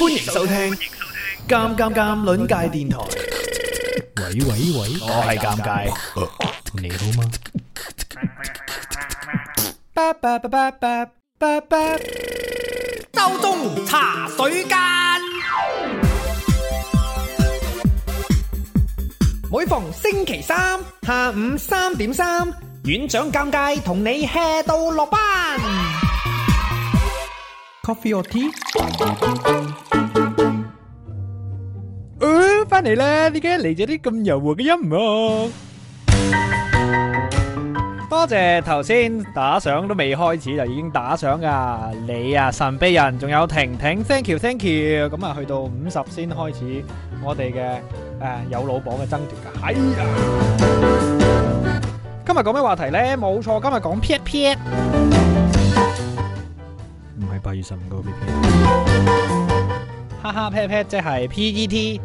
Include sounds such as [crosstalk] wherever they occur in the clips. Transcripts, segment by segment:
歡迎收聽《尷尷尷》鄰界電台。喂喂喂，我係尷尬，你好嗎？周中茶水間，每逢星期三下午三點三，院長尷尬同你 hea 到落班。Coffee or tea？呃，翻嚟啦，點解嚟咗啲咁柔和嘅音樂？多謝頭先打賞都未開始就已經打賞噶，你啊神秘人仲有婷婷，thank you thank you，咁啊去到五十先開始我哋嘅誒有老榜嘅爭奪噶。哎呀，今日講咩話題咧？冇錯，今日講 Pet Pet。係八月十五個哈哈，pet pet，即係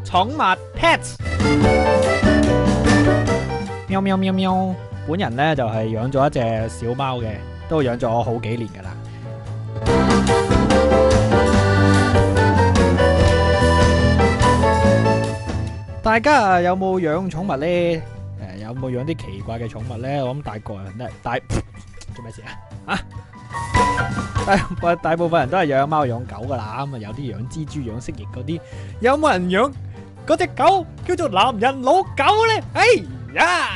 pet 寵物 pet。喵喵喵喵，本人咧就係、是、養咗一隻小貓嘅，都養咗好幾年噶啦。大家啊，有冇養寵物咧？誒、呃，有冇養啲奇怪嘅寵物咧？我諗大,大個人都大， [music] 做咩事啊？啊！大大部分人都係養貓養狗噶啦，咁啊有啲養蜘蛛養蜥蜴嗰啲，有冇人養嗰隻狗叫做男人老狗咧？哎呀，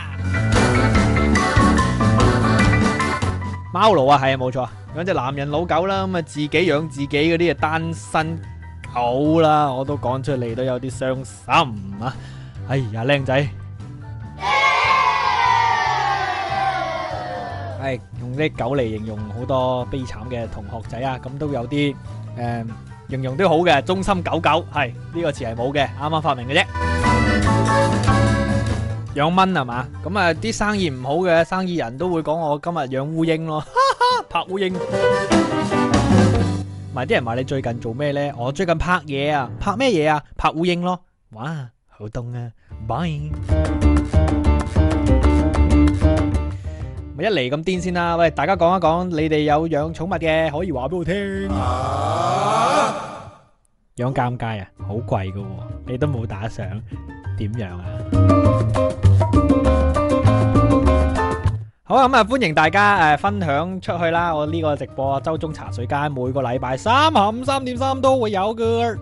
貓奴啊，係啊，冇錯，養隻男人老狗啦，咁啊自己養自己嗰啲就單身狗啦，我都講出嚟都有啲傷心啊，哎呀，靚仔。係、哎、用啲狗嚟形容好多悲慘嘅同學仔啊，咁都有啲誒、呃、形容都好嘅，忠心狗狗係呢、呢個詞係冇嘅，啱啱發明嘅啫。養 [music] 蚊係嘛，咁啊啲生意唔好嘅生意人都會講我今日養烏蠅咯， [laughs] 拍烏蠅。埋啲 [music] 人話你最近做咩呢？我最近拍嘢啊，拍咩嘢啊？拍烏蠅咯，哇，好凍啊 bye。一嚟咁癲先啦！喂，大家講一講，啊啊，你哋有養寵物嘅，可以話俾我聽。養尷尬啊，好貴噶，你都冇打賞，點樣啊？好啊，咁啊，歡迎大家誒、呃，分享出去啦！我呢個直播周中茶水間，每個禮拜三下午三點三都會有嘅。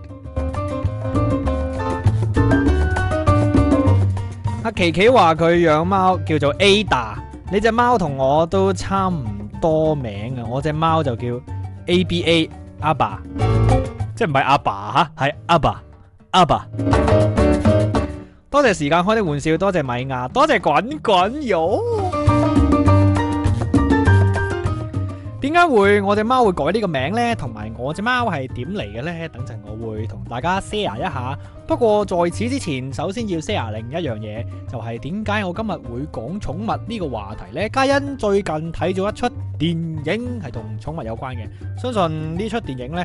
阿琪琪話佢養貓叫做 Ada。你隻貓同我都差唔多名啊！我隻貓就叫 ABA ABBA，阿爸，即係唔係阿爸嚇，係阿爸阿爸。多謝時間開啲玩笑，多謝米亞，多謝滾滾油。點解會我隻貓會改呢個名呢？同埋我隻貓係點嚟嘅呢？等陣我會同大家 share 一下。不過在此之前，首先要 share 另一樣嘢，就係點解我今日會講寵物呢個話題呢？皆因最近睇咗一出電影，係同寵物有關嘅，相信呢出電影呢，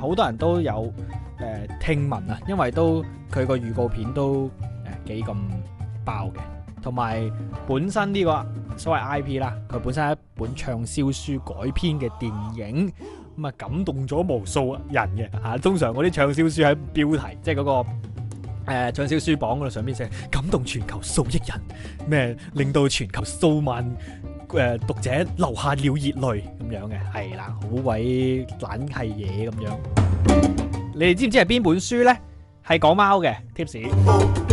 好多人都有誒、呃、聽聞啊，因為都佢個預告片都誒幾咁爆嘅。同埋本身呢、呢個所謂 I P 啦，佢本身係一本暢銷書改編嘅電影，咁啊感動咗無數人嘅吓、啊。通常嗰啲暢銷書喺標題，即係嗰個誒暢銷書榜嗰度上邊寫感動全球數億人，咩令到全球數萬誒、呃、讀者流下了熱淚咁樣嘅，係啦，好鬼懶係嘢咁樣。你哋知唔知係邊本書咧？係講貓嘅 Tips。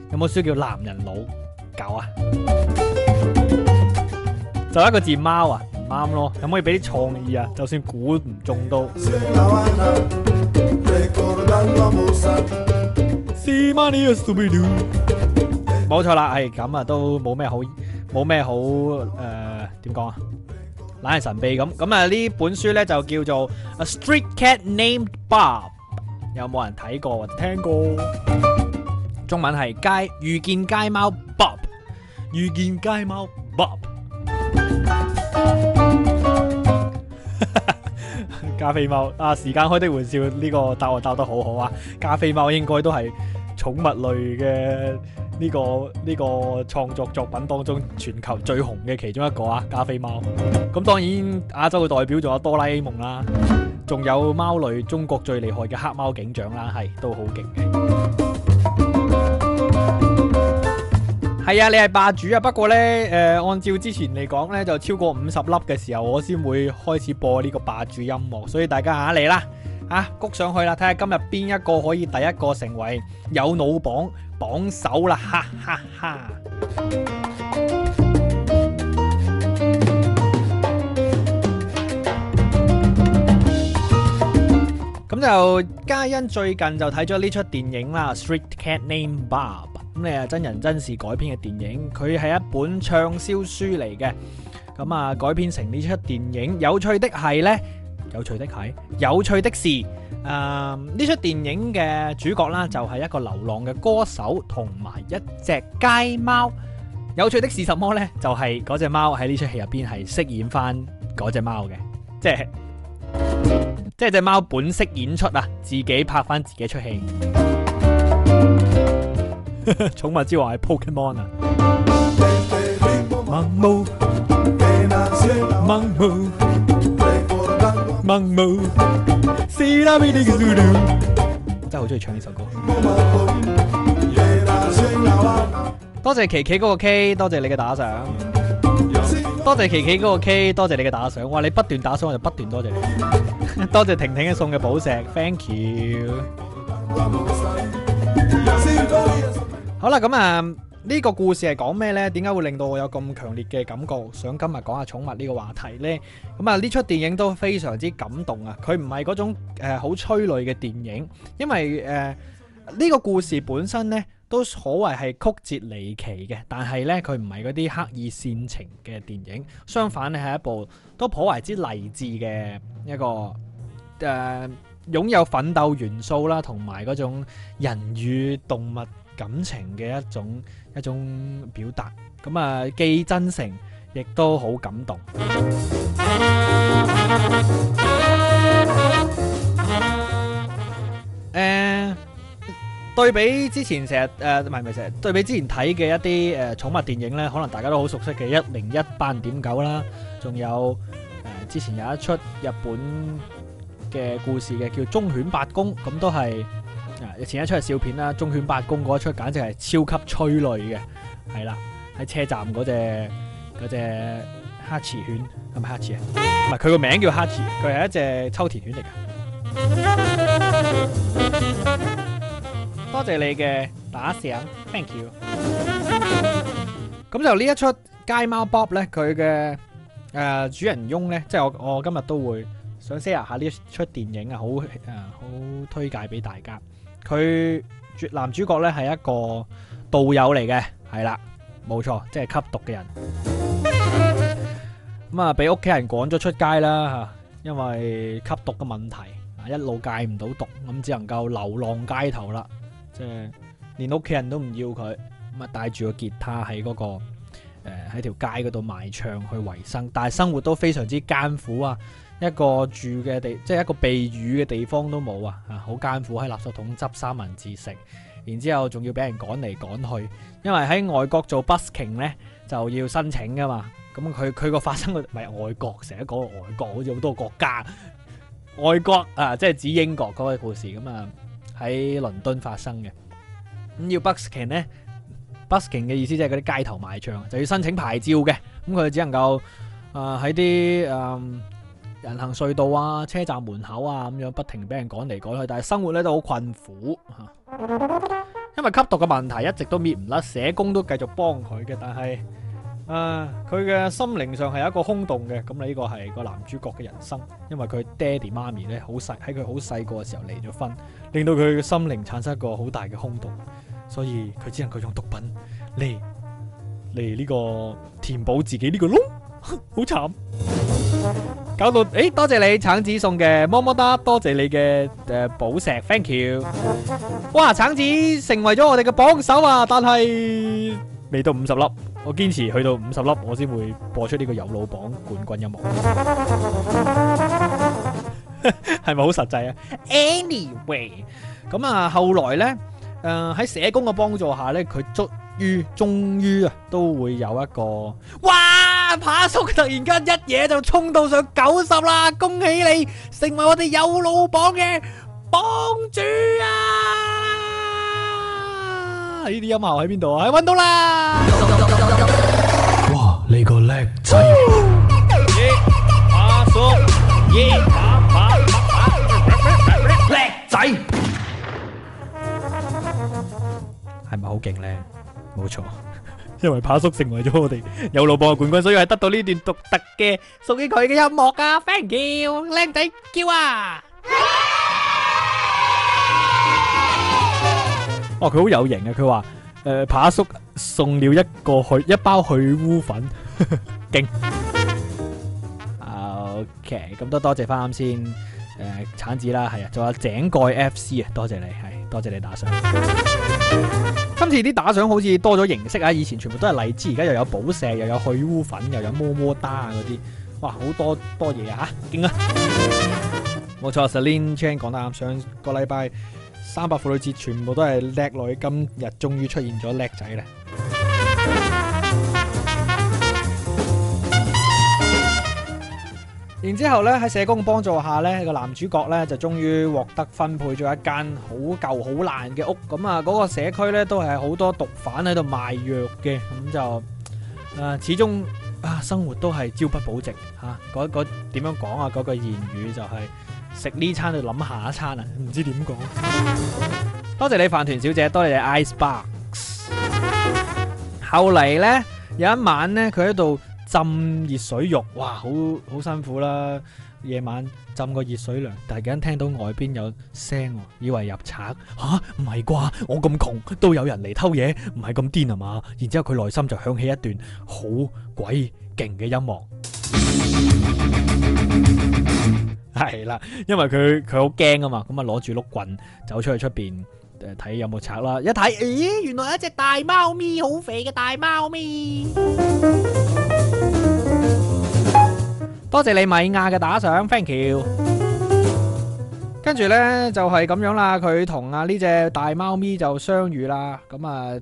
有冇書叫《男人佬》？搞啊？就一個字貓啊，唔啱咯。有冇可以俾啲創意啊？就算估唔中都冇錯，嗯嗯、啦。係咁、呃、啊，都冇咩好，冇咩好誒，點講啊？懶係神秘咁。咁啊，呢本書咧就叫做《A Street Cat Named Bob》。有冇人睇過或者聽過？中文係街遇見街貓 Bob，遇見街貓 Bob， [laughs] 加菲貓啊！時間開的玩笑呢，這個答我答得好好啊！加菲貓應該都係寵物類嘅呢，這個呢，這個創作作品當中全球最紅嘅其中一個啊！加菲貓咁當然亞洲嘅代表仲有哆啦 A 夢啦，仲有貓類中國最厲害嘅黑貓警長啦，係都好勁嘅。係啊，你係霸主啊，不過呢，誒，按照之前嚟講呢就超過五十粒嘅時候，我先會開始播呢個霸主音樂，所以大家吓嚟啦，吓、啊，谷上去啦，睇下今日邊一個可以第一個成為有腦榜榜首啦，哈哈哈，哈。咁就嘉欣最近就睇咗呢出電影啦，《Street Cat Named Bob》。咁你又真人真事改編嘅電影，佢係一本暢銷書嚟嘅。咁啊改編成呢出電影，有趣的係呢？有趣的係，有趣的是，誒呢出電影嘅主角啦，就係一個流浪嘅歌手同埋一隻街貓。有趣的是什麼呢？就係嗰隻貓喺呢出戲入邊係飾演翻嗰隻貓嘅，即係即係隻貓本色演出啊！自己拍翻自己出戲。寵 [laughs] 物之王係 Pokemon 啊！我真係好鍾意唱呢首歌。多謝琪琪嗰個 K，多謝你嘅打賞。多謝琪琪嗰個 K，多謝你嘅打賞。我話你不斷打賞，我就不斷多謝你。多謝婷婷嘅送嘅寶石，Thank you。好啦，咁、嗯、啊，呢個故事係講咩呢？點解會令到我有咁強烈嘅感覺，想今日講下寵物呢個話題呢。咁、嗯、啊，呢出電影都非常之感動啊！佢唔係嗰種誒好、呃、催淚嘅電影，因為誒呢個故事本身呢都可謂係曲折離奇嘅，但係呢，佢唔係嗰啲刻意煽情嘅電影，相反呢係一部都頗為之勵志嘅一個誒、呃、擁有奮鬥元素啦，同埋嗰種人與動物。感情嘅一種一種表達，咁啊既真誠，亦都好感動。誒、 [music] 呃、對比之前成日誒唔係唔係成日對比之前睇嘅一啲誒寵物電影咧，可能大家都好熟悉嘅《一零一斑點狗》啦、呃，仲有誒之前有一出日本嘅故事嘅叫《忠犬八公》，咁都係。啊！前一出係笑片啦，《忠犬八公》嗰一出簡直係超級催淚嘅，係啦。喺車站嗰隻嗰隻哈士犬係咪哈士啊？唔係，佢個名叫哈士，佢係一隻秋田犬嚟㗎。多謝你嘅打賞，Thank you。咁就呢一出街貓呢《街貓 Bob》咧、呃，佢嘅誒主人翁咧，即係我我今日都會想 share 下呢一出電影啊，好誒好推介俾大家。佢主，男主角咧，係一個道友嚟嘅，係啦，冇錯，即係吸毒嘅人。咁啊，俾屋企人趕咗出街啦吓，因為吸毒嘅問題，啊，一路戒唔到毒，咁只能夠流浪街頭啦，就是，即係連屋企人都唔要佢，咁啊帶住個吉他喺嗰，那個誒喺條街嗰度賣唱去維生，但係生活都非常之艱苦啊。一個住嘅地，即係一個避雨嘅地方都冇啊！嚇，好艱苦，喺垃圾桶執三文治食，然之後仲要俾人趕嚟趕去，因為喺外國做 busking 咧就要申請㗎嘛。咁佢佢個發生嘅唔係外國，成日講外國，好似好多國家外國啊，即係指英國嗰個故事咁啊，喺、嗯、倫敦發生嘅。咁要 busking 咧，busking 嘅意思即係嗰啲街頭賣唱，就要申請牌照嘅。咁佢只能夠啊喺啲嗯，人行隧道啊，車站門口啊，咁樣不停俾人趕嚟趕去，但係生活咧都好困苦，吓，因為吸毒嘅問題一直都滅唔甩，社工都繼續幫佢嘅，但係啊，呃，佢嘅心靈上係有一個空洞嘅，咁啊呢個係個男主角嘅人生，因為佢爹哋媽咪咧好細喺佢好細個嘅時候離咗婚，令到佢嘅心靈產生一個好大嘅空洞，所以佢只能夠用毒品嚟嚟呢個填補自己呢個窿。好慘，搞到誒！多謝你橙子送嘅，麼麼噠！多謝你嘅誒寶石，Thank you。哇，橙子成為咗我哋嘅榜首啊！但係未到五十粒，我堅持去到五十粒，我先會播出呢個有腦榜冠軍音樂。係咪好實際啊？Anyway，咁啊，後來咧誒喺社工嘅幫助下咧，佢捉。終於啊，都會有一個哇！爬叔突然間一嘢就衝到上九十啦，恭喜你成為我哋有老榜嘅幫主啊！呢啲音效喺邊度啊？喺搵到啦！哇，你個叻仔！爬叔，耶！爬爬爬爬！叻仔，係咪好勁咧？冇錯，因為扒叔成為咗我哋有路博嘅冠軍，所以係得到呢段獨特嘅屬於佢嘅音樂噶。Thank you 叫靚仔叫啊！哦，佢好、啊、有型啊！佢話誒，扒叔送了一個去一包去污粉，勁。OK，咁都多謝翻啱先誒，橙、呃、子啦，係啊，仲有井蓋 FC 啊，多謝你，係多謝你打賞。今次啲打賞好似多咗形式啊！以前全部都係荔枝，而家又有寶石，又有去污粉，又有摩摩打啊嗰啲，哇好多多嘢啊嚇！勁啊！冇、啊、 [music] 錯，Selina Chan 講得啱，上個禮拜三八婦女節全部都係叻女，今日終於出現咗叻仔啦！然之後咧，喺社工嘅幫助下咧，個男主角咧就終於獲得分配咗一間好舊好爛嘅屋。咁啊，嗰個社區咧都係好多毒販喺度賣藥嘅。咁就誒、呃，始終啊，生活都係朝不保夕嚇。嗰嗰點樣講啊？嗰、嗰個嗰個啊嗰個言語就係食呢餐就諗下一餐啊，唔知點講、啊。 [laughs] 多謝你飯團小姐，多謝你 Icebox。 [laughs] 後嚟咧，有一晚咧，佢喺度。浸熱水浴，哇，好好辛苦啦！夜晚浸個熱水涼，突然間聽到外邊有聲，以為入賊吓？唔係啩？我咁窮都有人嚟偷嘢，唔係咁癲啊嘛！然之後佢內心就響起一段好鬼勁嘅音樂，係 [music] [music] 啦，因為佢佢好驚啊嘛，咁啊攞住碌棍走出去出面。睇有冇賊啦！一睇，咦、哎，原來一隻大貓咪，好肥嘅大貓咪。多謝你米亞嘅打賞，thank you。跟住呢，就係、是、咁樣啦，佢同啊呢隻大貓咪就相遇啦。咁啊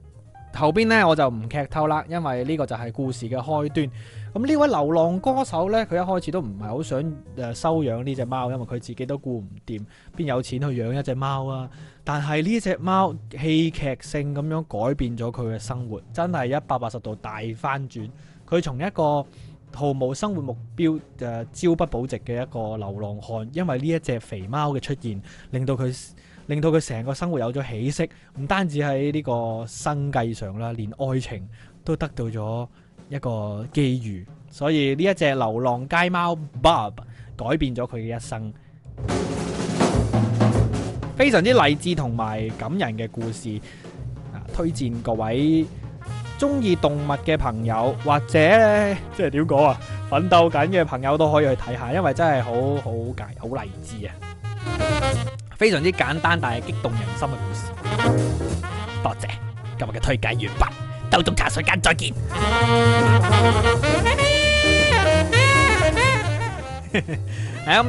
後邊呢，我就唔劇透啦，因為呢個就係故事嘅開端。咁呢位流浪歌手呢，佢一開始都唔係好想誒收養呢隻貓，因為佢自己都顧唔掂，邊有錢去養一隻貓啊？但係呢隻貓戲劇性咁樣改變咗佢嘅生活，真係一百八十度大翻轉。佢從一個毫無生活目標、誒、呃、朝不保夕嘅一個流浪漢，因為呢一隻肥貓嘅出現，令到佢令到佢成個生活有咗起色。唔單止喺呢個生計上啦，連愛情都得到咗一個機遇。所以呢一隻流浪街貓 Bob 改變咗佢嘅一生。非常之勵志同埋感人嘅故事，啊，推薦各位中意動物嘅朋友，或者即係點講啊，奮鬥緊嘅朋友都可以去睇下，因為真係好好簡好勵志啊！非常之簡單但係激動人心嘅故事。多謝，今日嘅推介完畢，兜到茶水間再見。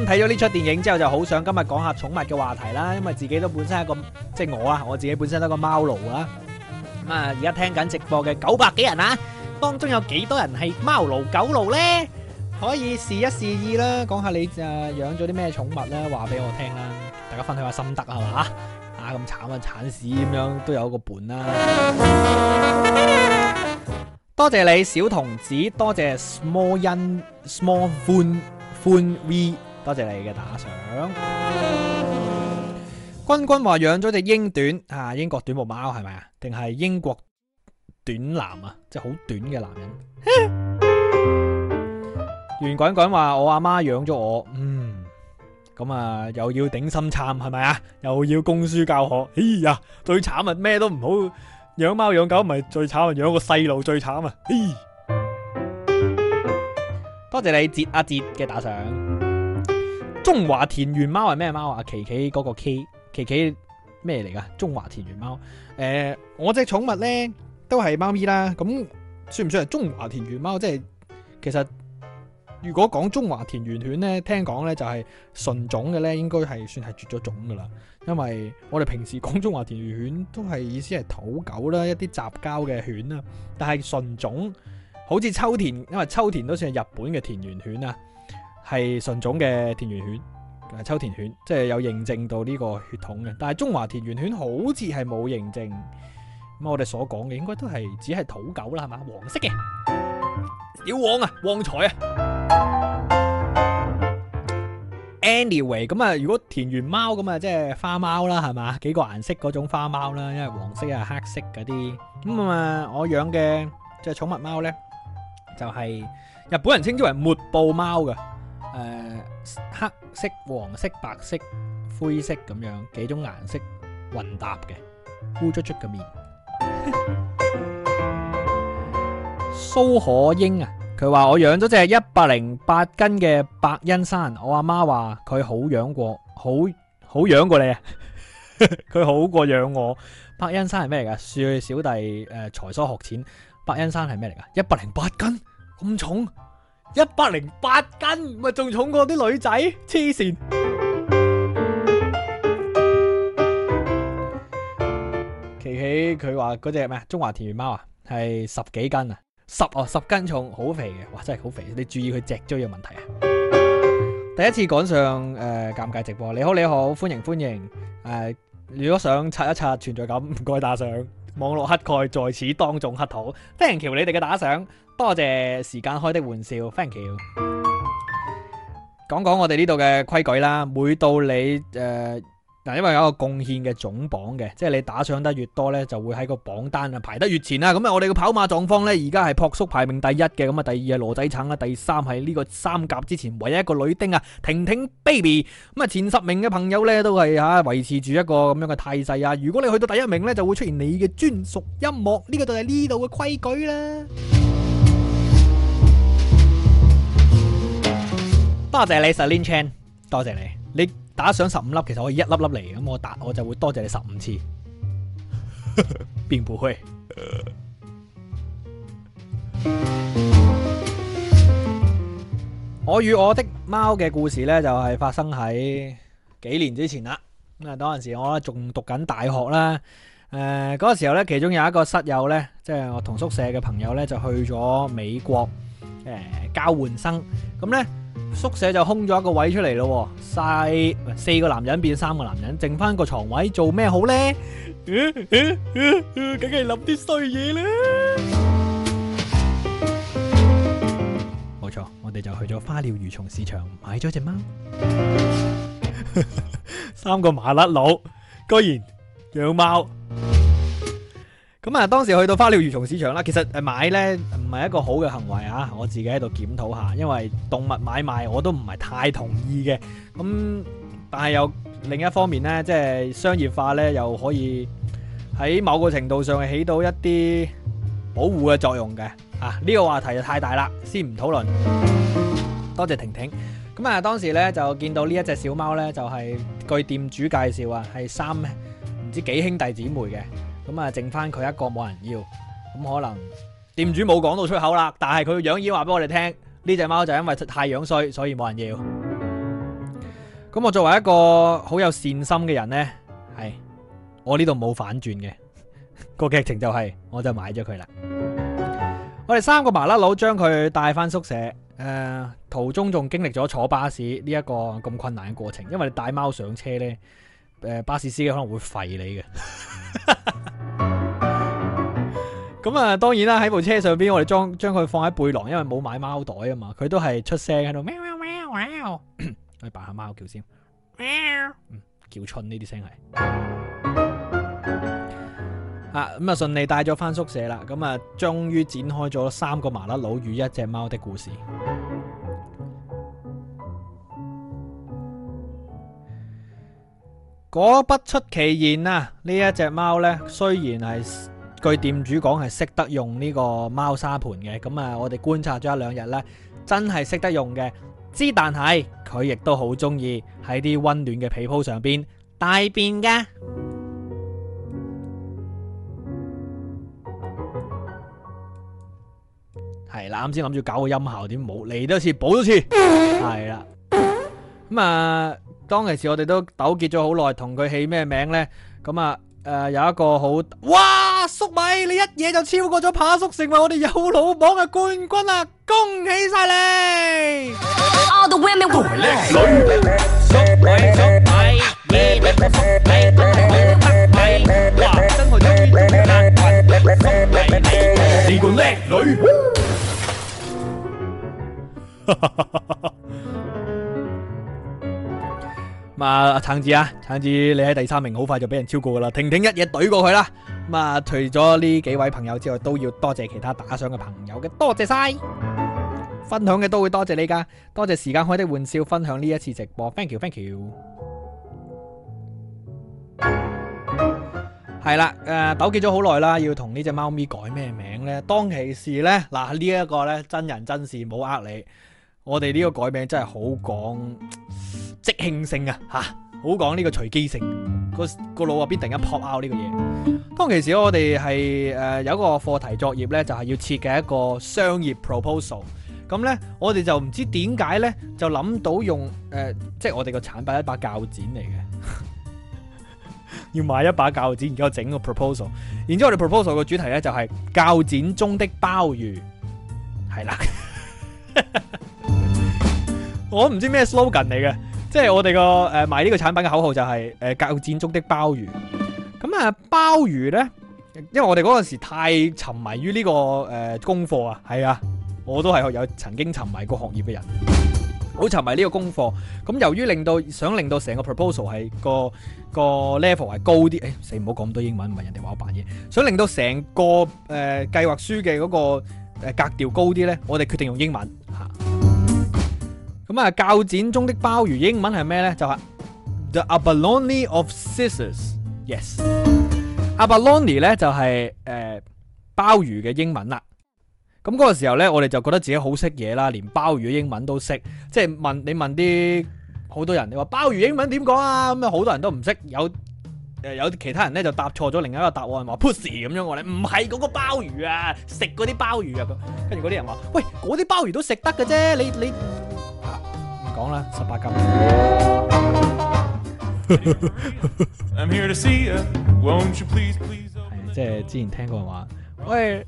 睇咗呢出電影之後，就好想今日講下寵物嘅話題啦。因為自己都本身係個，即係我啊，我自己本身都個貓奴啦。咁啊，而、啊、家聽緊直播嘅九百幾人啊，當中有幾多人係貓奴、狗奴呢？可以試一試意啦，講下你啊養咗啲咩寵物呢？話俾我聽啦。大家分享下心得係嘛？啊咁慘啊，鏟屎咁樣都有個伴啦，啊。Uh... 多謝你，小童子，多謝 Small 欣，Small 歡歡 V。多謝你嘅打賞。君君話養咗隻英短，吓、啊、英國短毛貓係咪啊？定係英國短男啊？即係好短嘅男人。圓滾滾話我阿媽養咗我，嗯，咁啊又要頂心杉係咪啊？又要供書教學，哎呀，最慘啊咩都唔好，養貓養狗唔係最慘啊，養個細路最慘啊。多謝你接阿捷嘅打賞。中華田園貓係咩貓啊？琪琪嗰個 K，琪琪咩嚟噶？中華田園貓，誒、呃，我隻寵物呢都係貓咪啦。咁算唔算係中華田園貓？即係其實如果講中華田園犬呢，聽講呢就係純種嘅呢，應該係算係絕咗種噶啦。因為我哋平時講中華田園犬都係意思係土狗啦，一啲雜交嘅犬啦。但係純種好似秋田，因為秋田都算係日本嘅田園犬啊。係純種嘅田園犬，誒，秋田犬，即係有認證到呢個血統嘅。但係中華田園犬好似係冇認證。咁我哋所講嘅應該都係只係土狗啦，係嘛，黃色嘅小黃啊，旺財啊。Anyway，咁啊，如果田園貓咁啊，即係花貓啦，係嘛，幾個顏色嗰種花貓啦，因為黃色啊、黑色嗰啲。咁啊，我養嘅即係寵物貓呢，就係日本人稱之為抹布貓嘅。誒、呃，黑色、黃色、白色、灰色咁樣幾種顏色混搭嘅烏卒卒嘅面。蘇 [laughs] 可英啊，佢話我養咗隻一百零八斤嘅白茵山，我阿媽話佢好養過，好好養過你啊，佢 [laughs] 好過養我。白茵山係咩嚟噶？恕小弟誒，才、呃、疏學淺，白茵山係咩嚟噶？一百零八斤咁重。一百零八斤，咪仲重過啲女仔，黐線。琪琪佢話嗰隻咩？中華田園貓啊，係十幾斤啊，十哦十斤重，好肥嘅，哇真係好肥嘅，你注意佢脊椎嘅問題啊。第一次趕上誒尷尬直播，你好你好，歡迎歡迎，誒、呃、如果想刷一刷存在感，唔該打賞。網絡乞丐在此當眾乞討，thank you 你哋嘅打賞，多謝時間開的玩笑，thank you，講講我哋呢度嘅規矩啦，每到你誒。嗱，因為有一個貢獻嘅總榜嘅，即係你打賞得越多呢，就會喺個榜單啊排得越前啦。咁啊，我哋嘅跑馬狀況呢，而家係卜叔排名第一嘅，咁啊，第二係羅仔橙啦，第三係呢個三甲之前唯一一個女丁啊，婷婷 baby。咁啊，前十名嘅朋友呢，都係吓維持住一個咁樣嘅態勢啊。如果你去到第一名呢，就會出現你嘅專屬音樂，呢個就係呢度嘅規矩啦。多謝你，Salin Chan。多謝你，你。打上十五粒，其實我可以一粒粒嚟。咁我答，我就會多謝你十五次。變部區。我與我的貓嘅故事咧，就係發生喺幾年之前啦。咁啊，嗰陣時我仲讀緊大學啦。誒，嗰個時候咧，其中有一個室友咧，即係我同宿舍嘅朋友咧，就去咗美國誒交換生。咁咧。宿舍就空咗一個位出嚟咯，晒四個男人變三個男人，剩翻個床位做咩好咧？梗係諗啲衰嘢啦！冇、嗯、錯、嗯嗯嗯，我哋就去咗花鳥魚蟲市場買咗隻貓。三個麻甩佬居然養貓。咁啊，當時去到花鳥魚蟲市場啦，其實誒買呢唔係一個好嘅行為啊！我自己喺度檢討下，因為動物買賣我都唔係太同意嘅。咁但係又另一方面呢，即係商業化呢，又可以喺某個程度上起到一啲保護嘅作用嘅。啊，呢個話題就太大啦，先唔討論。多謝婷婷。咁啊，當時呢就見到呢一隻小貓呢，就係據店主介紹啊，係三唔知幾兄弟姐妹嘅。咁啊，剩翻佢一個冇人要，咁可能店主冇講到出口啦，但係佢樣已話俾我哋聽，呢隻貓就因為太樣衰，所以冇人要。咁我作為一個好有善心嘅人呢，係我呢度冇反轉嘅，個 [laughs] 劇情就係、是、我就買咗佢啦。我哋三個麻甩佬將佢帶翻宿舍，誒、呃，途中仲經歷咗坐巴士呢一個咁困難嘅過程，因為你帶貓上車呢，巴士司機可能會吠你嘅。 [laughs] 咁啊，當然啦，喺部車上邊，我哋裝將佢放喺背囊，因為冇買貓袋啊嘛。佢都係出聲喺度喵喵喵喵， [coughs] 我哋扮下貓叫先。喵，嗯、叫春呢啲聲係。啊，咁啊順利帶咗返宿舍啦。咁、嗯、啊，終於展開咗三個麻甩佬與一隻貓的故事。果不出其然啊，呢一隻貓呢，雖然係。據店主講，係識得用呢個貓砂盤嘅，咁啊，我哋觀察咗一兩日咧，真係識得用嘅。之但係佢亦都好中意喺啲溫暖嘅被鋪上邊大便㗎。係啦，啱先諗住搞個音效，點冇嚟多次補多次，係啦。咁啊，當其時我哋都糾結咗好耐，同佢起咩名咧？咁啊。誒有一個好哇，粟米，你一嘢就超過咗扒叔，成為我哋有腦榜嘅冠軍喇！恭喜晒你！哈！啊，橙子啊，橙子你喺第三名，好快就俾人超過噶啦！婷婷一嘢懟過佢啦。咁啊，除咗呢幾位朋友之外，都要多謝其他打賞嘅朋友嘅，多謝晒。分享嘅都會多謝你噶，多謝時間開的玩笑分享呢一次直播，thank you，thank you, thank you。啊。係啦，誒，糾結咗好耐啦，要同呢隻貓咪改咩名呢？當其時呢，嗱、啊、呢、這、一個呢，真人真事，冇呃你。我哋呢個改名真係好講。即興性啊，吓、啊、好講呢個隨機性，那個個腦入邊突然間 pop out 呢個嘢。當其時我哋係誒有個課題作業咧，就係、是、要設計一個商業 proposal。咁咧我哋就唔知點解咧，就諗到用誒即係我哋個產品一把鉸剪嚟嘅， [laughs] 要買一把鉸剪，然之後整個 proposal。然之後我哋 proposal 個主題咧就係、是、鉸剪中的鮑魚，係啦。 [laughs] 我唔知咩 slogan 嚟嘅。即係我哋個誒賣呢個產品嘅口號就係誒格物戰中的鮑魚，咁啊鮑魚咧，因為我哋嗰陣時太沉迷於呢、這個誒、呃、功課啊，係啊，我都係有曾經沉迷過學業嘅人，好沉迷呢個功課。咁、嗯、由於令到想令到成個 proposal 係個個 level 係高啲，誒、哎，死唔好講咁多英文，唔係人哋話我扮嘢，想令到成個誒計劃書嘅嗰個誒格調高啲咧，我哋決定用英文吓。啊咁、嗯、啊，鉸剪中的鮑魚英文係咩呢？就係、是、the abalone of scissors yes. abalone。Yes，abalone 咧就係、是、誒、呃、鮑魚嘅英文啦。咁、嗯、嗰、那個時候呢，我哋就覺得自己好識嘢啦，連鮑魚英文都識。即係問你問啲好多人，你話鮑魚英文點講啊？咁啊，好多人都唔識有。有其他人咧就答錯咗另一個答案，話 pussy 咁樣，我咧，唔係嗰個鮑魚啊，食嗰啲鮑魚啊，跟住嗰啲人、啊 [laughs] [laughs] [laughs] 哎、話，喂嗰啲鮑魚都食得嘅啫，你你唔講啦，十八禁。係即係之前聽過人話，喂，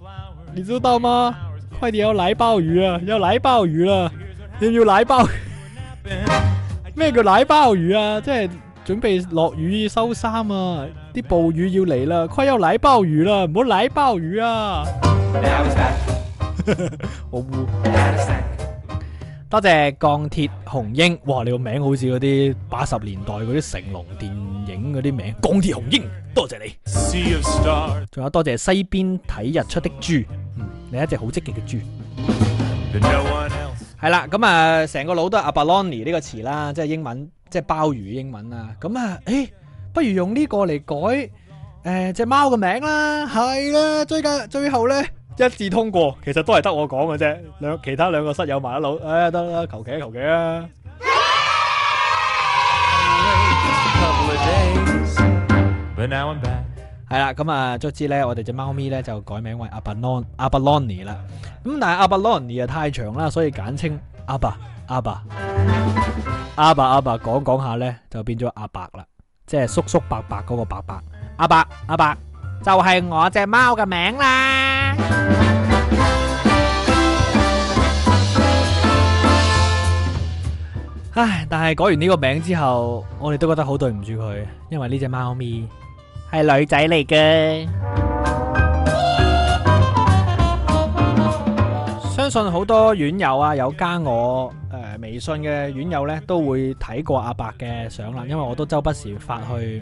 你知道嗎？快啲有奶鮑魚啊，有奶鮑魚要唔要奶鮑，咩叫奶鮑魚啊？即係。準備落雨收衫啊！啲暴雨要嚟啦，快要嚟鮑魚啦，唔好嚟鮑魚啊！Now, [laughs] Now, 多謝鋼鐵雄鷹，哇！你個名好似嗰啲八十年代嗰啲成龍電影嗰啲名，鋼鐵雄鷹，多謝你。仲有多謝西邊睇日出的豬，嗯，你係一隻好積極嘅豬係啦。咁、no、啊，成個腦都係 Abalone 呢個詞啦，即、就、係、是、英文。即係鮑魚英文啦，咁啊，誒，不如用呢個嚟改誒隻貓嘅名啦，係啦。最噶最後咧，一致通過，其實都係得我講嘅啫。兩其他兩個室友麻甩佬，唉，得啦，求其啊，求其啊，係啦，咁啊，卒之咧，我哋隻貓咪咧就改名為阿伯朗阿伯朗尼啦，咁但係阿伯朗尼啊太長啦，所以簡稱阿伯。阿爸，阿爸阿爸阿爸講講下呢，就變咗阿伯啦，即係叔叔伯伯嗰個伯伯。阿伯，阿伯就係、是、我隻貓嘅名啦。唉，但係改完呢個名之後，我哋都覺得好對唔住佢，因為呢隻貓咪係女仔嚟嘅。信好多院友啊，有加我誒、呃、微信嘅院友呢，都會睇過阿伯嘅相啦，因為我都周不時發去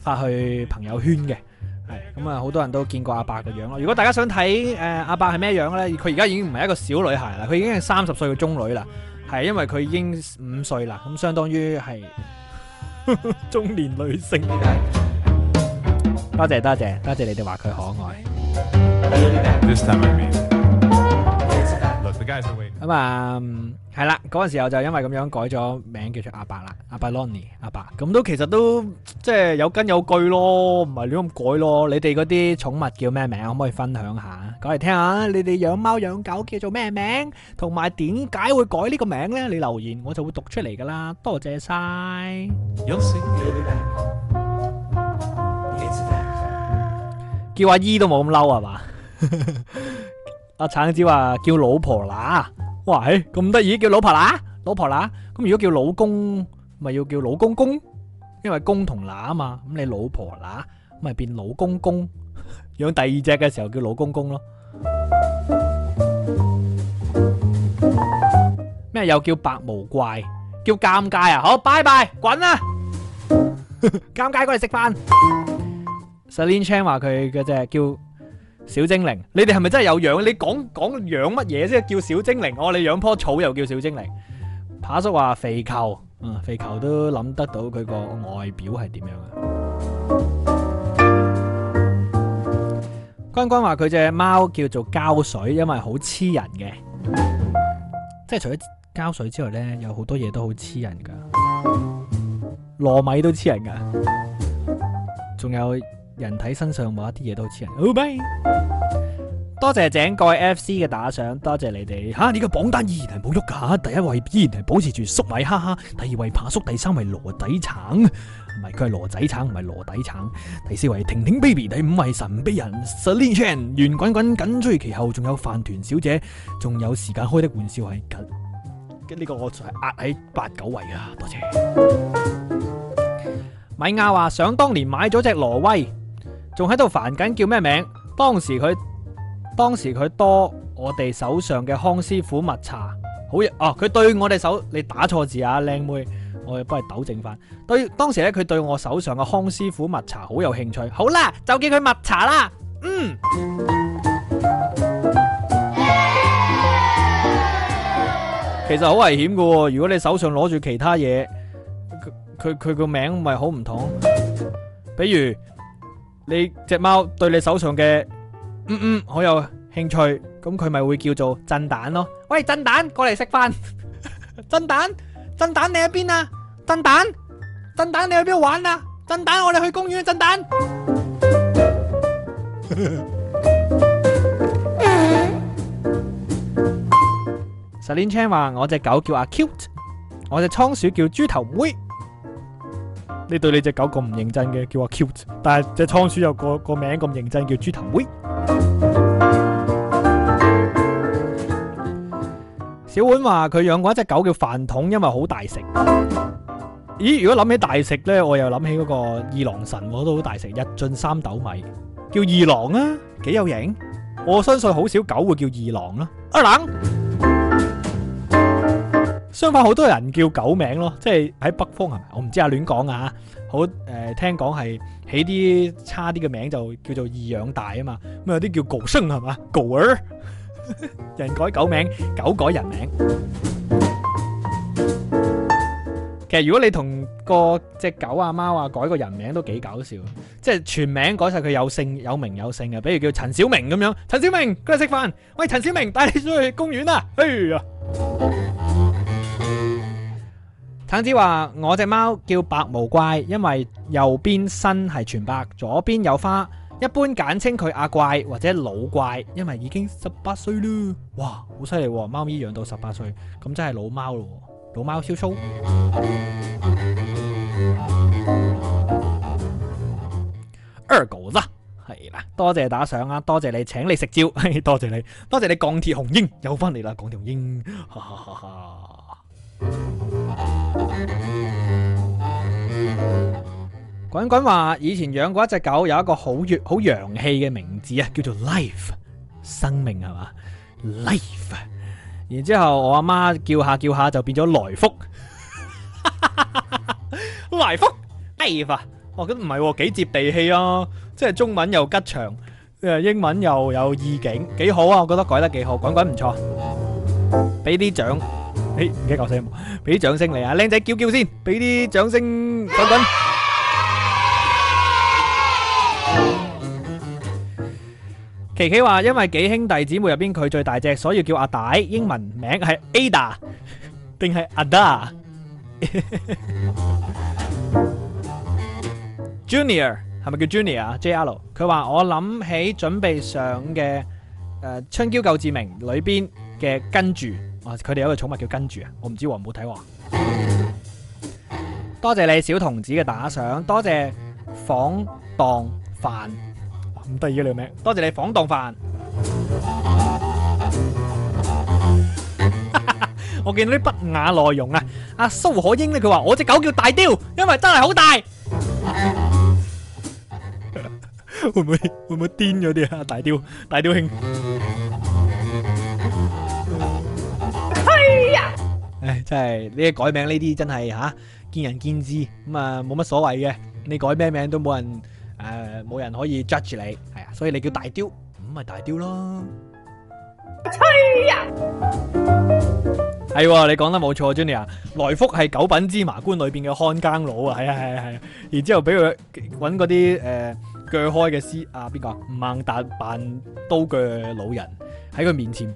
發去朋友圈嘅，係咁啊，好、嗯、多人都見過阿伯嘅樣咯。如果大家想睇誒、呃、阿伯係咩樣呢？佢而家已經唔係一個小女孩啦，佢已經係三十歲嘅中女啦，係因為佢已經五歲啦，咁相當於係中年女性。多謝多謝多謝你哋話佢可愛。咁啊，係啦，嗰陣時候就因為咁樣改咗名叫做阿伯啦，阿伯 Lonny，阿伯，咁都其實都即係有根有據咯，唔係亂咁改咯。你哋嗰啲寵物叫咩名？可唔可以分享下，講嚟聽下？你哋養貓養狗叫做咩名？同埋點解會改呢個名咧？你留言我就會讀出嚟噶啦，多謝晒。叫阿姨都冇咁嬲係嘛？阿橙子話叫老婆乸，哇咁得意叫老婆乸，老婆乸，咁如果叫老公咪要叫老公公，因為公同乸啊嘛，咁你老婆乸咪變老公公，養第二隻嘅時候叫老公公咯。咩又叫白毛怪？叫尷尬啊！好，拜拜，滾啦、啊！尷 [laughs] 尬過嚟食飯。Selina Chan 話佢嗰隻叫。小精靈，你哋係咪真係有養？你講講養乜嘢先叫小精靈？我、哦、你養棵草又叫小精靈？扒叔話肥球，嗯，肥球都諗得到佢個外表係點樣啊？君君話佢隻貓叫做膠水，因為好黐人嘅，即係除咗膠水之外呢，有好多嘢都好黐人噶，糯米都黐人噶，仲有。人體身上畫啲嘢都似人。好、oh、my，多謝井蓋 FC 嘅打賞，多謝你哋。吓、啊，呢個榜單依然係冇喐噶，第一位依然係保持住粟米，哈哈。第二位爬叔，第三位羅底橙，唔係佢係羅仔橙，唔係羅底橙。第四位婷婷 baby，第五位神秘人 Selina Chan 圓滾滾緊追其後，仲有飯團小姐，仲有時間開的玩笑係緊，跟呢個我係壓喺八九位啊。多謝米亞話，想當年買咗隻挪威。仲喺度煩緊叫咩名？當時佢當時佢多我哋手上嘅康師傅蜜茶好有哦，佢、啊、對我哋手你打錯字啊，靚妹，我要幫你糾正翻。對當時咧，佢對我手上嘅康師傅蜜茶好有興趣。好啦，就叫佢蜜茶啦。嗯， [music] 其實好危險噶，如果你手上攞住其他嘢，佢佢佢個名咪好唔同，比如。你隻貓對你手上嘅嗯嗯好有興趣，咁佢咪會叫做震蛋咯。喂，震蛋過嚟食飯。震蛋，震蛋你喺邊啊？震蛋，震蛋你去邊度玩啊？震蛋，我哋去公園啊，震蛋。Celine Chan 話：我隻狗叫阿 Cute，我隻倉鼠叫豬頭妹。你對你隻狗咁唔認真嘅叫阿 cute，但係隻倉鼠又個個名咁認真叫豬頭妹。小碗話佢養過一隻狗叫飯桶，因為好大食。咦？如果諗起大食呢，我又諗起嗰個二郎神，我都好大食，日進三斗米，叫二郎啊，幾有型。我相信好少狗會叫二郎啦、啊。二、啊、郎？相反，好多人叫狗名咯，即係喺北方係咪？我唔知啊，亂講啊！好誒、呃，聽講係起啲差啲嘅名就叫做易養大啊嘛，咁有啲叫狗生係嘛，狗兒 [laughs] 人改狗名，狗改人名。 [music] 其實如果你同個隻狗啊貓啊改個人名都幾搞笑，即係全名改晒佢有姓有名有姓嘅，比如叫陳小明咁樣，陳小明，佢嚟食飯，喂，陳小明，帶你出去公園啦、啊，哎呀！橙子話：我隻貓叫白毛怪，因為右邊身係全白，左邊有花，一般簡稱佢阿怪或者老怪，因為已經十八歲啦。哇，好犀利，貓咪養到十八歲，咁真係老貓咯，老貓超粗。二狗啦，係啦、啊，多謝打賞啊，多謝你，請你食蕉， [laughs] 多謝你，多謝你鋼鐵雄鷹又翻嚟啦，鋼鐵雄鷹。 [laughs] 滾滾話，以前養過一隻狗有一個好洋氣嘅名字叫做 Life，生命係嘛？Life！然之後我阿媽叫下叫下就變咗來福！哈哈哈哈！來福！Life！我覺得唔係幾接地氣啊，即係中文又吉祥，英文又有意境, [laughs] [laughs] life [laughs] 琪琪話：因為幾兄弟姊妹入邊佢最大隻，所以叫阿大。英文名係 Ada 定係 Ada？Junior [laughs] 係咪叫 Junior 啊？JL 佢話：我諗起準備上嘅《誒、呃、春嬌救志明》裏邊嘅跟住，啊佢哋有個寵物叫跟住啊，我唔知喎、哦，唔好睇喎。多謝你小童子嘅打賞，多謝房當凡。都係呢啲名，多謝你晃當飯。我見到啲不雅內容啊！阿蘇可英呢，佢話我隻狗叫大雕，因為真係好大。會唔會會唔會癲咗啲啊？大雕大雕兄，嘿呀！唉，真係呢，改名呢啲真係吓，見仁見智咁啊，冇乜所謂嘅，你改咩名都冇人。誒、呃，冇人可以 judge 你，係啊，所以你叫大雕，咁咪大雕咯。吹、哎、啊！係，你講得冇錯 Johnny 啊，Junior, 來福係九品芝麻官裏邊嘅看更佬、呃、C, 啊，係啊，係啊，係啊，然之後俾佢搵嗰啲誒鋸開嘅屍，啊邊個？吳孟達扮刀鋸嘅老人喺佢面前，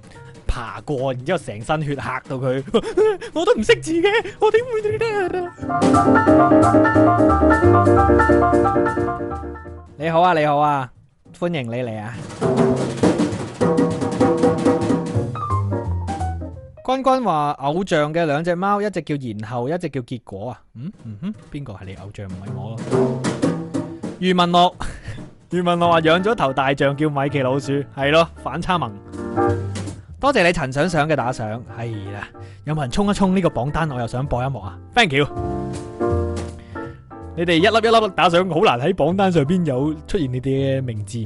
爬過，然之後成身血嚇到佢。我都唔識字嘅，我點會呢？你好啊，你好啊，歡迎你嚟啊！君君話偶像嘅兩隻貓，一隻叫然後，一隻叫結果啊。嗯嗯哼，邊個係你偶像？唔係我。余文樂，余文樂話養咗頭大象叫米奇老鼠，係咯，反差萌。多謝你陳想想嘅打賞，係啦，有冇人沖一沖呢個榜單？我又想播一幕啊，thank you。你哋一粒一粒打賞，好難喺榜單上邊有出現你哋嘅名字。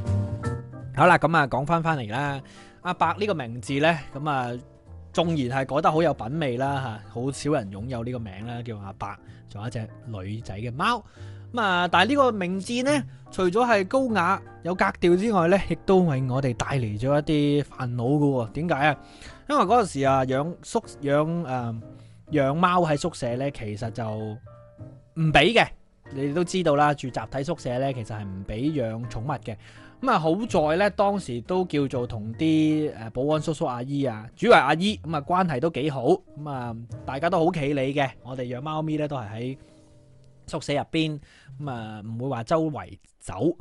好啦，咁啊，講翻翻嚟啦，阿伯呢個名字呢，咁啊，縱然係覺得好有品味啦，吓，好少人擁有呢個名啦，叫阿伯，仲有一隻女仔嘅貓。咁啊！但係呢個名字咧，除咗係高雅有格調之外咧，亦都為我哋帶嚟咗一啲煩惱噶。點解啊？因為嗰陣時啊，養宿養誒養貓喺宿舍咧，其實就唔俾嘅。你都知道啦，住集體宿舍咧，其實係唔俾養寵物嘅。咁啊，好在咧，當時都叫做同啲誒保安叔叔阿姨啊，主要係阿姨咁啊，關係都幾好。咁啊，大家都好企理嘅。我哋養貓咪咧，都係喺宿舍入邊咁啊，唔、嗯、會話周圍走咁、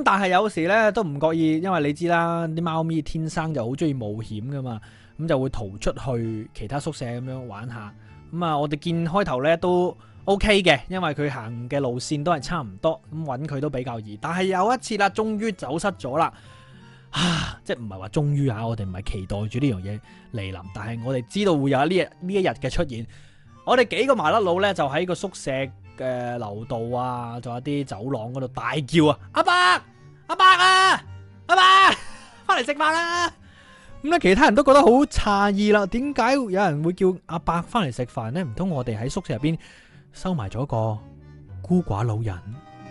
嗯，但係有時咧都唔覺意，因為你知啦，啲貓咪天生就好中意冒險噶嘛，咁、嗯、就會逃出去其他宿舍咁樣玩下咁啊、嗯。我哋見開頭咧都 O K 嘅，因為佢行嘅路線都係差唔多咁揾佢都比較易。但係有一次啦，終於走失咗啦啊！即係唔係話終於啊，我哋唔係期待住呢樣嘢嚟臨，但係我哋知道會有呢日呢一日嘅出現。我哋幾個麻甩佬咧就喺個宿舍嘅樓道啊，仲有啲走廊嗰度大叫啊！阿伯，阿伯啊，阿伯，翻嚟食飯啦！咁咧，其他人都覺得好詫異啦，點解有人會叫阿伯翻嚟食飯呢？唔通我哋喺宿舍入邊收埋咗個孤寡老人？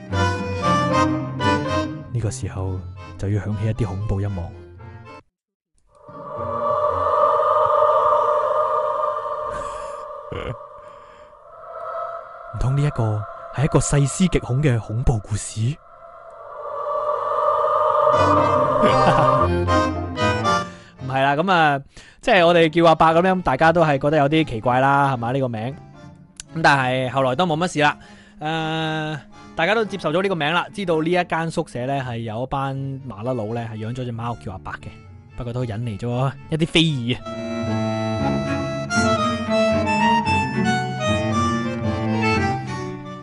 呢、 [music] 呢個時候就要響起一啲恐怖音樂。音樂，音樂，音樂唔通呢一個係一個細思極恐嘅恐怖故事？唔係啦，咁 [noise] 啊樂， [music] 即係我哋叫阿伯咁樣，大家都係覺得有啲奇怪啦，係嘛呢個名？咁但係後來都冇乜事啦。誒、呃，大家都接受咗呢個名啦，知道呢一間宿舍呢係有一班麻甩佬呢係養咗隻貓叫阿伯嘅，不過都引嚟咗一啲非議。